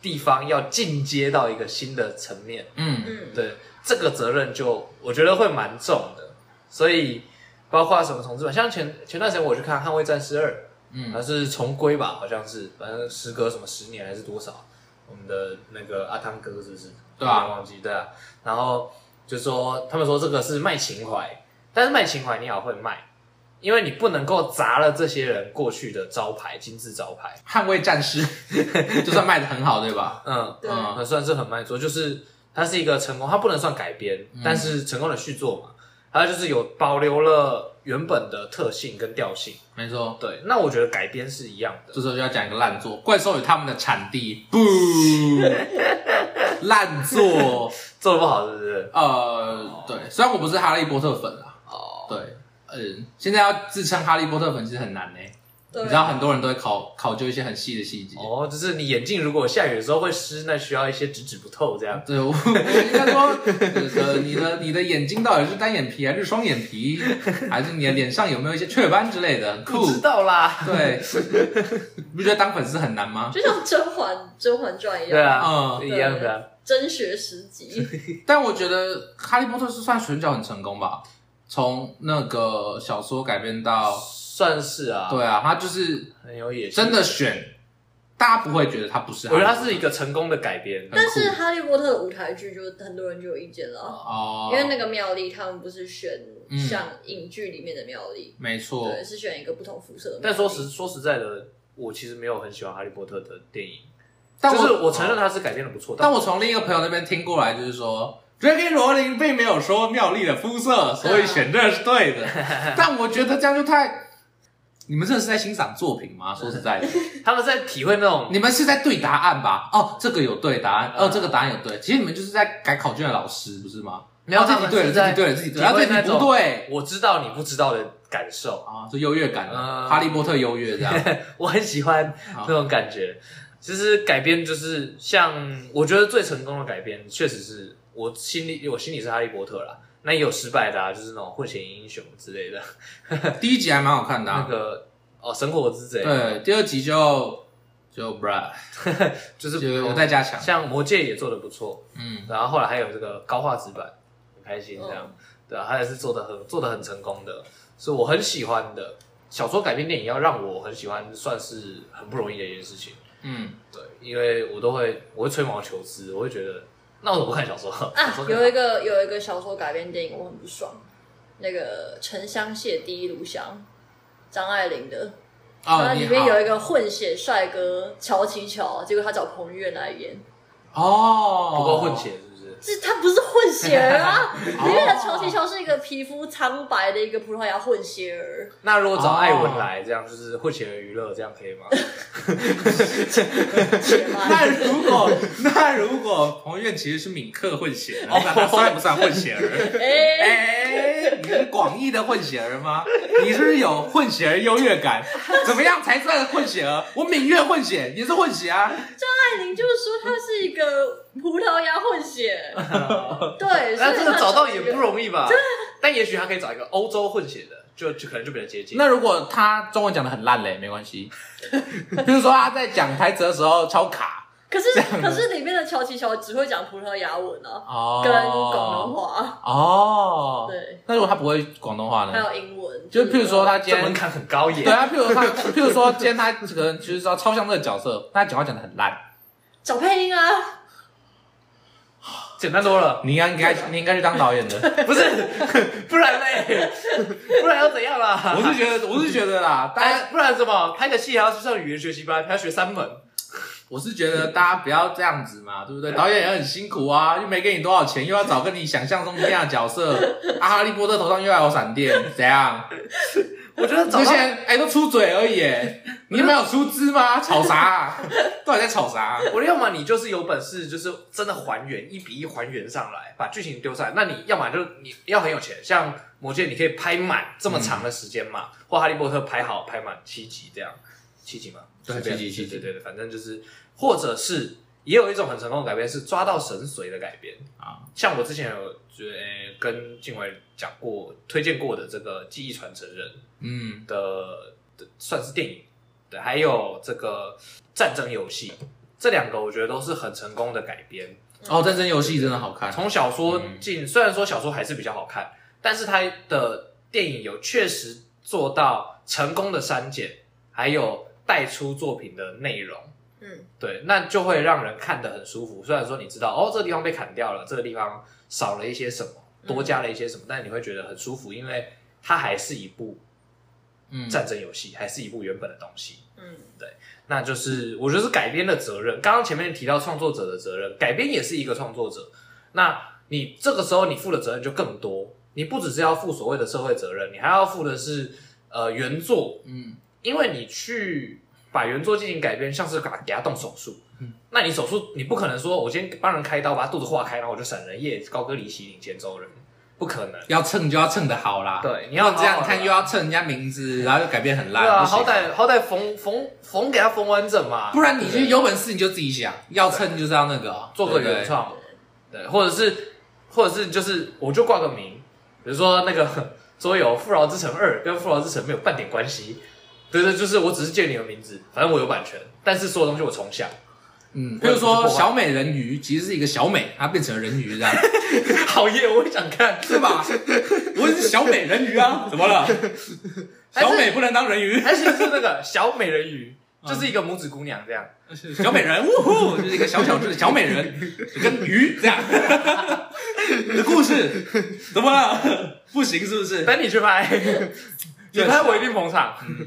地方要進階到一個新的層面。嗯，對，這個責任就我覺得會蠻重的。所以包括什麼同志吧，像前前段時間我去看《捍衛戰士二》，嗯，還是重歸吧，好像是，反正時隔什麼十年還是多少。我們的那個阿湯哥是不是？對啊，對啊忘記對啊。然後就說他們說這個是賣情懷、嗯，但是賣情懷你好會賣，因為你不能夠砸了這些人過去的招牌，金字招牌。捍衛戰士 就算賣的很好， 對吧？嗯，嗯，算是很賣座，就是它是一個成功，它不能算改編、嗯，但是成功的續作嘛。還有就是有保留了，原本的特性跟調性，沒錯，對。那我覺得改編是一樣的。這時候就是要講一個爛作，《怪獸與他們的產地》。不，爛 爛作， 做的不好是不是？呃，對。雖然我不是哈利波特粉啦、啊，oh. 對、呃，現在要自稱哈利波特粉其實很難呢、欸。啊、你知道很多人都會考考究一些很細的細節哦，就是你眼鏡如果下雨的時候會濕，那需要一些紙紙不透這樣。對，我應該說，就是、你的你的眼睛到底是單眼皮還是雙眼皮， 還是你的臉上有沒有一些雀斑之類的？酷，知道啦。對， 不覺得當粉絲很難嗎？就像甄嬛《甄嬛甄嬛傳》一樣，對啊，嗯、對一樣的。甄學十級。 但我覺得《哈利波特》是算轉角很成功吧？從那個小說改編到。算是啊，對啊，他就是很有野心，真的選、嗯，大家不會覺得他不是，我覺得他是一個成功的改編。但是《哈利波特》舞台劇就很多人就有意見了，哦，因為那個妙麗他們不是選像影劇裡面的妙麗、嗯，沒錯，對，是選一個不同膚色的。但說實說實在的，我其實沒有很喜歡《哈利波特》的電影，但我、就是我承認他是改編的不錯、哦。但我從另一個朋友那邊聽過來，就是說，J.K. 羅琳並沒有說妙麗的膚色，所以、啊、選這是對的。但我覺得這樣就太。 你們這是在欣賞作品嗎？說實在的， 他們在體會那種。你們是在對答案吧？哦，這個有對答案、嗯，哦，這個答案有對。其實你們就是在改考卷的老師不是嗎？你要自己對了，自己對了，自己對了。對不對，我知道你不知道的感受啊，就優越感、嗯、哈利波特優越這樣 我很喜歡那種感覺。其實、就是、改編就是像，我覺得最成功的改編，確實是我心裡，我心裡是哈利波特啦。那也有失敗的、啊，就是那種混血英雄之類的。 第一集還蠻好看的、啊，那個哦，神火之賊。對，第二集就就不賴、 就是，就是我在加強。像魔戒也做的不錯，嗯，然後後來還有這個高畫質版，很開心這樣，哦、對，它也是做的很做的很成功的，是我很喜歡的小說改編電影，要讓我很喜歡，算是很不容易的一件事情。嗯，對，因為我都會，我會吹毛求疵，我會覺得。那我不看小說啊說，有一個有一個小說改編電影我很不爽，那個《沉香屑·第一爐香》，張愛玲的，啊、哦，裡面有一個混血帥哥喬琪喬，結果他找彭於晏來演，哦，不夠混血。這他不是混血兒啊，因為他喬西喬是一個皮膚蒼白的一個葡萄牙混血兒。哦、那如果找艾文來，這樣就是混血兒娛樂，這樣可以嗎？ 兒嗎 喜歡的笑那如果那如果彭越其實是閩客混血兒，那、哦、他算不算混血兒？哎，哎你是廣義的混血兒嗎？你是不是有混血兒優越感？怎麼樣才算混血兒？我閩越混血，你是混血啊？張愛玲就是說他是一個。葡萄牙混血， 對，那這個找到也不容易吧？但也許他可以找一個歐洲混血的，就就可能就比較接近。那如果他中文講得很爛嘞，沒關係。 比如說他在講台詞的時候超卡，可是可是裡面的喬奇喬只會講葡萄牙文、啊、哦，跟廣東話哦。對，那如果他不會廣東話呢？還有英文，就譬、是、如說他今天門檻很高耶。對啊，譬如說譬 如說今天他可能就是說超像這個角色，但 他講話講得很爛，找配音啊。簡單多了，你應該，你應該去當導演的， 不是？不然嘞，欸，不然要怎樣啦？我是覺得，我是覺得啦，大家、欸、不然什麼拍個戲還要去上語言學習班，還要學三門。我是覺得大家不要這樣子嘛，對不對？ 導演也很辛苦啊，又沒給你多少錢，又要找跟你想象中一樣的角色。阿、 啊、哈利波特頭上又要有閃電，怎樣？ 我覺得找這些哎都出嘴而已，你有沒有出資嗎？ 吵啥、啊？到底在吵啥、啊？我說要麼你就是有本事，就是真的還原一比一還原上來，把劇情丟上來。那你要麼就你要很有錢，像魔戒你可以拍滿這麼長的時間嘛，嗯、或哈利波特拍好拍滿七集這樣，七集嘛，對七集七集對,對對。反正就是或者是。也有一種很成功的改編是抓到神髓的改編啊，像我之前有覺得，跟靜偉講過、推薦過的這個《記憶傳承人》的嗯的算是電影，對，還有這個《戰爭遊戲》，這兩個我覺得都是很成功的改編哦。《戰爭遊戲》真的好看，從小說進，雖然說小說還是比較好看，嗯、但是它的電影有確實做到成功的刪減，還有帶出作品的內容。嗯，對，那就會讓人看得很舒服。雖然說你知道，哦，這個地方被砍掉了，這個地方少了一些什麼，多加了一些什麼，嗯，但你會覺得很舒服，因為它還是一部，嗯，戰爭遊戲，還是一部原本的東西。嗯，對，那就是我覺得是改編的責任。剛剛前面提到創作者的責任，改編也是一個創作者，那你這個時候你負的責任就更多。你不只是要負所謂的社會責任，你還要負的是，呃，原作，嗯，因為你去。把原作進行改編，像是給給他動手術。嗯、那你手術你不可能說，我今天幫人開刀，把肚子劃開，然後我就閃人夜高歌離席，領錢走人，不可能。要蹭就要蹭的好啦。對，你要你這樣看、哦啊，又要蹭人家名字，然後又改變很爛。你、啊、好歹好歹縫縫縫給他縫完整嘛。不然你就對對對有本事你就自己想要蹭就是要那個、喔，做個原創。對，或者是或者是就是我就掛個名，比如說那個《桌遊富饒之城二》，跟《富饒之城》沒有半點關係，對，對對，就是，我只是借你的名字，反正我有版權，但是所有東西我從小嗯，比如說小美人魚其實是一個小美，她變成了人魚這樣。 好耶，我也想看，是吧？我 是，是小美人魚啊，怎麼了？小美不能當人魚，還是是那個小美人魚，就是一個拇指姑娘這樣。嗯、小美人，嗚呼，就是一個小小只的小美人，跟魚這樣。 這故事怎麼了？不行是不是？等你去拍， 你拍我一定捧場。 嗯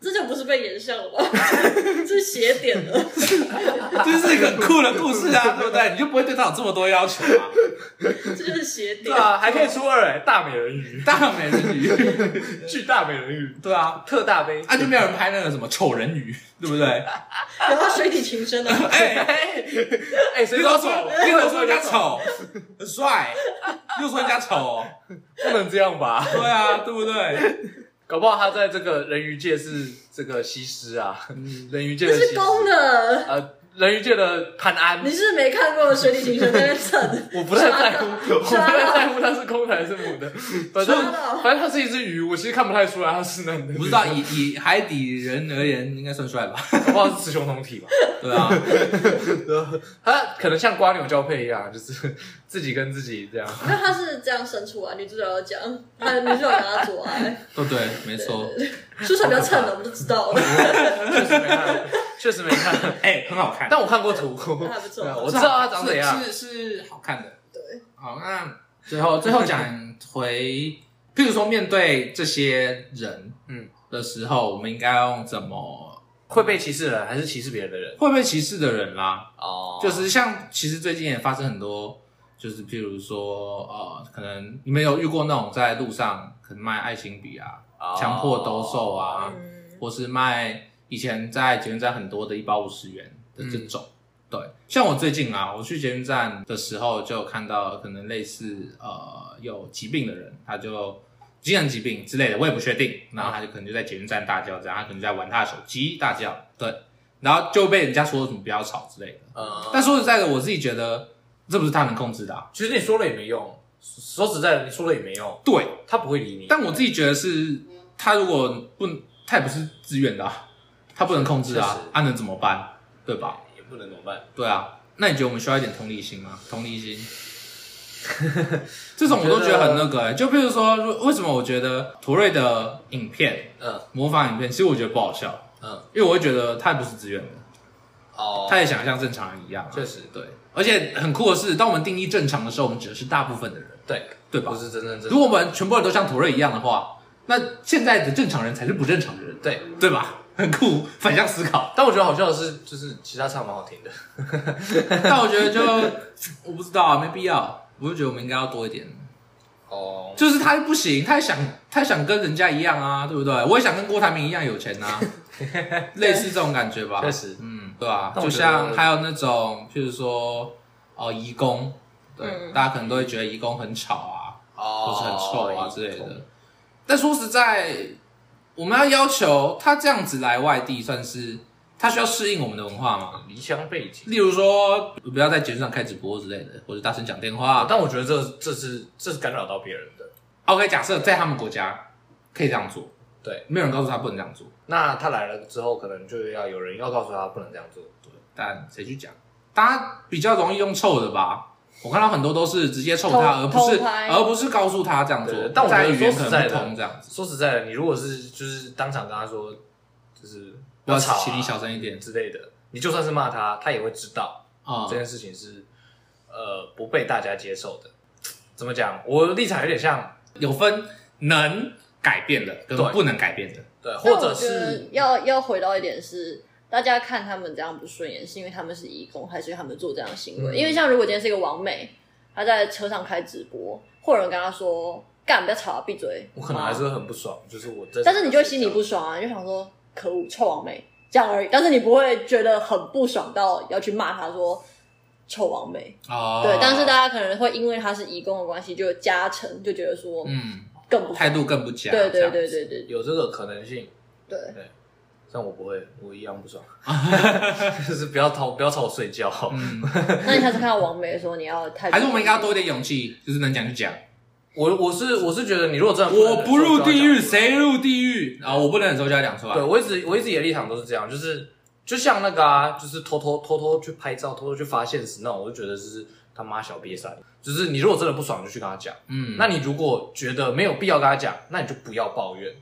這就不是被演笑了， 是邪典了。 這是一個很酷的故事啊， 對不對？你就不會對他有這麼多要求啊。 這就是邪典，對啊，還可以出二誒大美人魚，大美人魚，巨 大，人 大美人魚，對啊，特大杯， 啊，就沒有人拍那個什麼醜人魚， 對不對？ 然後水底情深的，啊，誒誒哎，誰、欸 欸、說醜？別老說人家醜，很帥，又說人家醜， 很帥 家哦、 不能這樣吧？對啊，對不對？搞不好他在這個人魚界是這個西施啊，人魚界的西施。他是公的。人魚界的潘安，你是，是沒看過水《水底情深》在那蹭，我不太在乎，我不太在乎它是公的還是母的，反正反正它是一隻魚，我其實看不太出來它是男的，不知道以以海底人而言，應該算帥吧？ 不知道是雌雄同體吧？對啊， 他可能像蝸牛交配一樣，就是自己跟自己這樣。那他是這樣生出來？女主角講，但沒他女主角拿他做愛，對沒錯。出場比較蠢的，我們都知道了。 確實沒看，哎、欸， 很好看，但我看過圖， 我知道他長怎樣，是是，是好看的，對，好，那最後最後講回，譬如說面對這些人，嗯，的時候，我們應該用怎麼會被歧視的人，還是歧視別人的人，會被歧視的人啦、啊，哦、oh.，就是像其實最近也發生很多，就是譬如說，呃，可能你們有遇過那種在路上可能賣愛心筆啊，強、oh. 迫兜售啊，oh. 或是賣。以前在捷運站很多的一包五十元的這種、嗯，對，像我最近啊，我去捷運站的時候就看到，可能類似呃有疾病的人，他就精神疾病之類的，我也不確定、嗯。然後他就可能就在捷運站大叫，這樣他可能就在玩他的手機大叫，對，然後就被人家說了什麼不要吵之類的。嗯，但說實在的，我自己覺得這不是他能控制的、啊。其實你說了也沒用，說實在的，你說了也沒用。對，他不會理你。但我自己覺得是他如果不，他也不是自願的、啊。他不能控制啊，他、啊、能怎麼辦？對吧？也不能怎麼辦。對啊，那你覺得我們需要一點同理心嗎？同理心， 這種我都覺得很那個、欸。哎，就譬如說，為什麼我覺得妥瑞的影片，嗯，模仿影片，其實我覺得不好笑，嗯，因為我會覺得他也不是自願的，哦，他也想像正常人一樣、啊。確實對，而且很酷的是，當我們定義正常的時候，我們指的是大部分的人，對對吧？不是真正正常。如果我們全部人都像妥瑞一樣的話，那現在的正常人才是不正常的人，對對吧？很酷，反向思考。但我覺得好笑的是，就是其他唱蠻好聽的。 但我覺得就我不知道啊，沒必要。我就覺得我們應該要多一點。哦、oh,，就是他不行，他想他想跟人家一樣啊，對不對？我也想跟郭台銘一樣有錢啊， 類似這種感覺吧。確實，嗯，對吧、啊？就像還有那種，譬如說哦，移工，對、嗯，大家可能都會覺得移工很吵啊，oh, 或者很臭啊之類的。Oh, 但說實在。我們要要求他這樣子來外地，算是他需要適應我們的文化嗎？離鄉背景，例如說，不要在捷運上開直播之類的，或者大聲講電話。但我覺得這是這是這是干擾到別人的。OK，假設在他們國家可以這樣做，對，沒有人告訴他不能這樣做。那他來了之後，可能就要有人要告訴他，他不能這樣做。對，但誰去講？大家比較容易用臭的吧。我看到很多都是直接衝他而，而不是而不是告訴他這樣做。對對對，但我覺得語言則不通這樣子。說實在的，你如果是就是當場跟他說，就是不要吵、啊，請你小聲一點之類的，你就算是罵他，他也會知道、嗯、這件事情是呃不被大家接受的。怎麼講？我立場有點像有分能改變的跟不能改變的，對，或者是要要回到一點是。大家看他們這樣不順眼，是因為他們是移工，還是因為他們做這樣的行為，嗯？因為像如果今天是一個網美，他在車上開直播，或者跟他說“幹，不要吵了，啊，閉嘴”，我可能還是很不爽。嗯，就是我是真的，但是你就會心裡不爽啊，你就想說“可惡，臭網美”這樣而已。但是你不會覺得很不爽到要去罵他說“臭網美，哦”對。但是大家可能會因為他是移工的關係，就加成，就覺得說“嗯，更不。態度更不佳”對對對對。對對對對對，有這個可能性。對。對但我不會，我一樣不爽， 就是不要吵，不要吵我睡覺。嗯，那你下次看到王梅的時候，你要太還是我們應該要多一點勇氣， 就是能講就講。我我是我是覺得你如果真的不爽的，我不入地獄，誰入地獄啊，哦？我不能忍受人家講出來。對，我一直我一直也立場都是這樣，就是就像那個啊，就是偷偷偷偷去拍照，偷偷去發現時，那我就覺得是他媽小癟三。就是你如果真的不爽，就去跟他講。嗯，那你如果覺得沒有必要跟他講，那你就不要抱怨，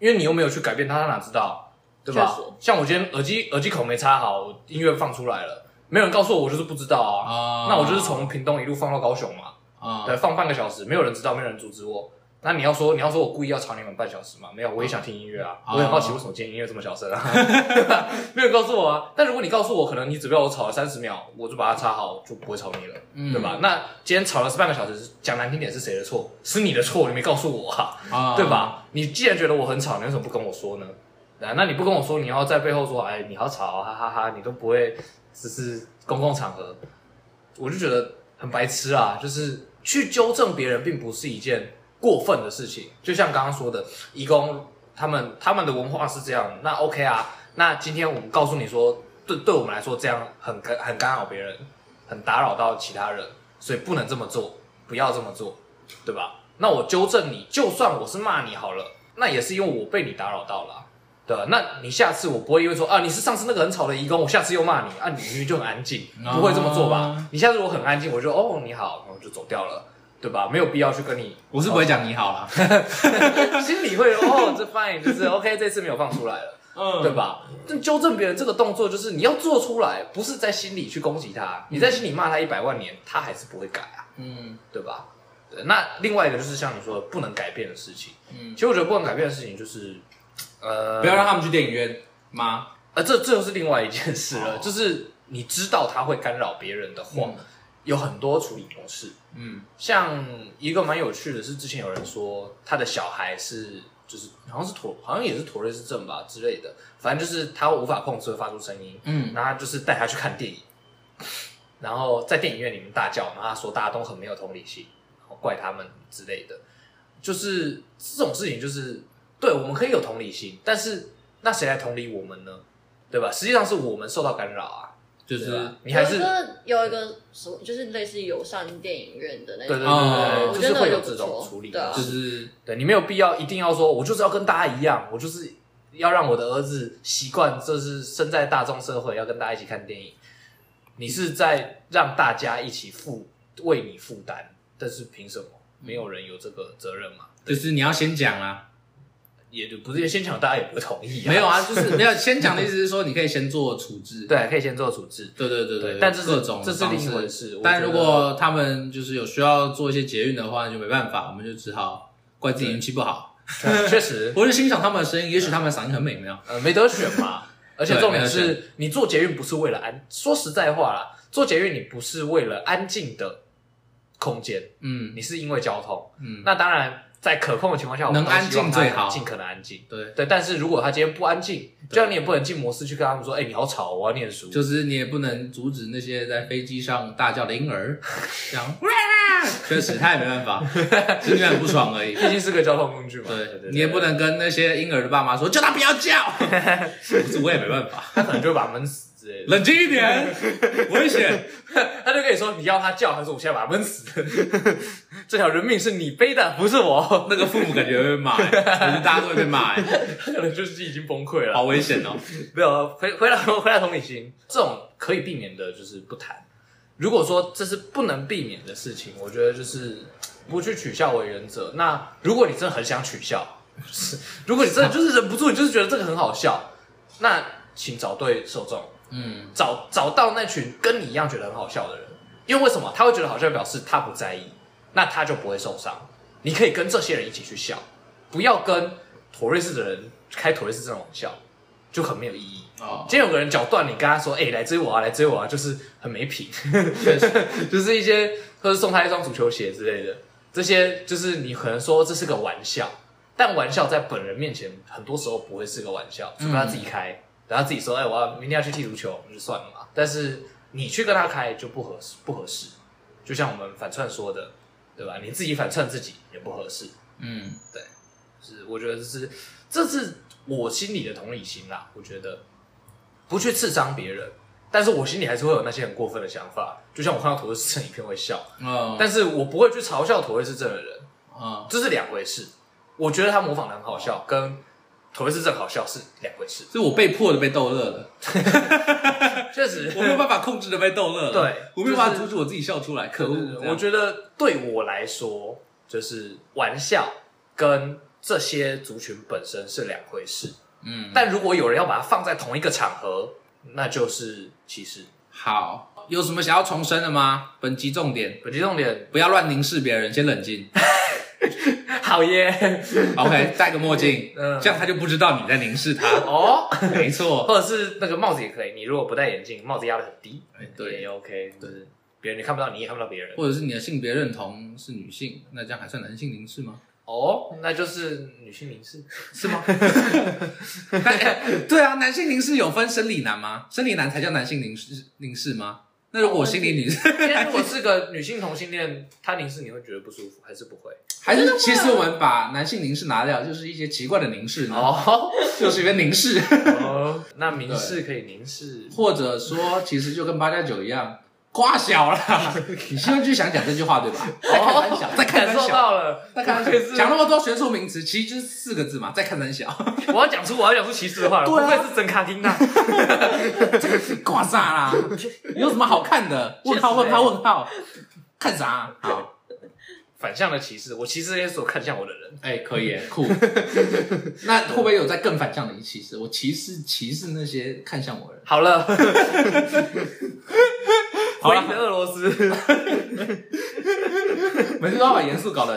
因為你又沒有去改變他，他哪知道啊？對吧？像我今天耳機耳機孔沒插好，音樂放出來了，沒有人告訴我，我就是不知道啊。啊那我就是從屏東一路放到高雄嘛，啊。對，放半個小時，沒有人知道，沒有人阻止我。那你要說你要說我故意要吵你們半小時嗎？沒有，我也想聽音樂啊。啊我很好奇為什麼今天音樂這麼小聲啊？啊 沒有人告訴我啊。但如果你告訴我，可能你只被我吵了三十秒，我就把它插好，就不會吵你了，嗯，對吧？那今天吵了是半個小時，講難聽點是誰的錯？是你的錯，嗯，你沒告訴我啊，啊，對吧？你既然覺得我很吵，你為什麼不跟我說呢？啊，那你不跟我說，你要在背後說，哎，你好吵，哈哈哈哈，你都不會，只是公共場合，我就覺得很白痴啊，就是去糾正別人，並不是一件過分的事情。就像剛剛說的，移工他們他們的文化是這樣，那 OK 啊。那今天我們告訴你說，對對我們來說這樣很很干擾別人，很打擾到其他人，所以不能這麼做，不要這麼做，對吧？那我糾正你，就算我是罵你好了，那也是因為我被你打擾到了啊。對，那你下次我不會因為說啊，你是上次那個很吵的移工，我下次又罵你啊，你明明就很安靜， 不會這麼做吧？你下次我很安靜，我說哦，你好，我就走掉了，對吧？沒有必要去跟你。我是不會講你好啦， 心裡會哦 這 fine 就是 OK，這次沒有放出來了，嗯，對吧？那糾正別人這個動作就是你要做出來，不是在心裡去攻擊他、嗯，你在心裡罵他一百萬年，他還是不會改啊，嗯，對吧？對那另外一個就是像你說的不能改變的事情，嗯，其實我覺得不能改變的事情就是。呃，不要讓他們去電影院嗎？呃，這這又是另外一件事了。就是你知道他會干擾別人的話，嗯、有很多處理方式。嗯，像一個蠻有趣的是，之前有人說他的小孩是，就是好像是妥，好像也是妥瑞氏症吧之類的。反正就是他無法控制發出聲音。嗯，然後就是帶他去看電影，然後在電影院裡面大叫，然後他說大家都很沒有同理心，怪他們之類的。就是這種事情就是。對，我們可以有同理心，但是那誰來同理我們呢？對吧？實際上是我們受到干擾啊，就是、啊、你還是有一個什麼，就是類似友善電影院的那種，對對對，對，對、哦、就是會有這種處理，就是對、啊、對，你沒有必要一定要說，我就是要跟大家一樣，我就是要讓我的兒子習慣，就是身在大眾社會要跟大家一起看電影。你是在讓大家一起負為你負擔，但是憑什麼沒有人有這個責任嘛？嗯、對，就是你要先講啊。也就不是也先搶，大家也不同意啊。 沒有啊，就是沒有先搶的意思，是說你可以先做處置。 對，可以先做處置。對對對對，對，對。但這是各種的方式，是另一回事。但如果他們就是有需要做一些捷運的話，就沒辦法，我們就只好怪自己運氣不好。確實， 我是欣賞他們的聲音，也許他們的嗓音很美妙，沒有。呃，沒得選嘛。而且重點是你坐捷運不是為了安，說實在話啦，坐捷運你不是為了安靜的空間，嗯，你是因為交通，嗯，那當然。在可控的情況下我能，能安靜最好，盡可能安靜。對對，但是如果他今天不安靜，這樣你也不能進模式去跟他們說：“哎，你好吵，我要念書。”就是你也不能阻止那些在飛機上大叫的嬰兒，這樣。 確實，他也沒辦法，心 是很不爽而已。畢竟是個交通工具嘛。對對，對，對對。你也不能跟那些嬰兒的爸媽說：“ 叫他不要叫。 ”我，我也沒辦法， 他可能就會把他悶死之類的，冷靜一點， 危險。 他就跟你說：“你要他叫，還是我現在把他悶死的。 ”這條人命是你背的，不是我。 那個父母感覺會被罵，欸，可 能大家都會被罵，欸。 可能就是已經崩潰了，好危險哦！沒有回回來，回來同理心， 這種可以避免的，就是不談。如果說這是不能避免的事情，我覺得就是不去取笑為原則。那如果你真的很想取笑， 是如果你真的就是忍不住， 你就是覺得這個很好笑， 那請找對受眾，嗯，找找到那群跟你一樣覺得很好笑的人，因為為什麼他會覺得好笑，表示他不在意。那他就不會受傷。你可以跟這些人一起去笑，不要跟妥瑞氏的人開妥瑞氏這種玩笑，就很沒有意義。啊、oh.，今天有個人腳斷，你跟他說：“哎、欸，來追我啊，來追我啊！”就是很沒品， 就是、就是一些，或是送他一雙足球鞋之類的。這些就是你可能說這是個玩笑，但玩笑在本人面前，很多時候不會是個玩笑，是、嗯、他自己開，然後他自己說：“哎、欸，我要明天要去踢足球，那就算了嘛。”但是你去跟他開就不合不合適，就像我們反串說的。對吧？你自己反串自己也不合適。嗯，對，就是，我覺得這是，這是我心裡的同理心啦。我覺得不去刺傷別人，但是我心裡還是會有那些很過分的想法。就像我看到妥瑞氏症影片會笑，嗯、哦，但是我不會去嘲笑妥瑞氏症的人，啊、哦，這是兩回事。我覺得他模仿得很好笑，哦、跟妥瑞氏症好笑是兩回事。是我被迫的被逗樂了。 確、就、實、是，我沒有辦法控制的被逗樂。對，我沒有辦法阻止我自己笑出來。就是、可惡，我覺得對我來說，就是玩笑跟這些族群本身是兩回事。嗯，但如果有人要把它放在同一個場合，那就是歧視。好，有什麼想要重申的嗎？本集重點，本集重點，不要亂凝視別人，先冷靜。 討厭 ，OK，戴個墨鏡，這樣他就不知道你在凝視他哦、呃，沒錯，或者是那個帽子也可以。你如果不戴眼鏡，帽子壓得很低，對，也 OK，對，就是別人你看不到，你也看不到別人，或者是你的性別認同是女性，那這樣還算男性凝視嗎？哦，那就是女性凝視，是嗎？ 欸、對啊，男性凝視有分生理男嗎？生理男才叫男性凝視凝視嗎？那如果我心裡你，視。如果是個女性同性戀， 她凝視你會覺得不舒服，還是不會？還是其實我們把男性凝視拿掉，就是一些奇怪的凝視哦，就是一為凝視。哦， 那凝視可以凝視，或者說其實就跟八加九一樣。 誇小啦，你希望就想講這句話對吧？好，在開玩笑，在開玩笑。在開玩笑到了，那講那麼多學術名詞，其實就是四個字嘛，在開玩笑。我要講出，我要講出歧視的話了，對啊、不會是真卡丁娜這個是誇啥啦 有什麼好看的？ 問號問號問號，問號，看啥，啊？好，反向的歧視，我歧視那些所看向我的人。哎，欸，可以，嗯，酷。 那會不會有再更反向的一歧視？我歧視我歧視那些看向我的人。好了。 好，回你的俄羅斯 ，每次都要把嚴肅搞得，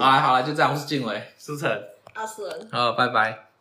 啊，好了好，就這樣，我是靜偉，舒城，阿斯冷，好，拜拜。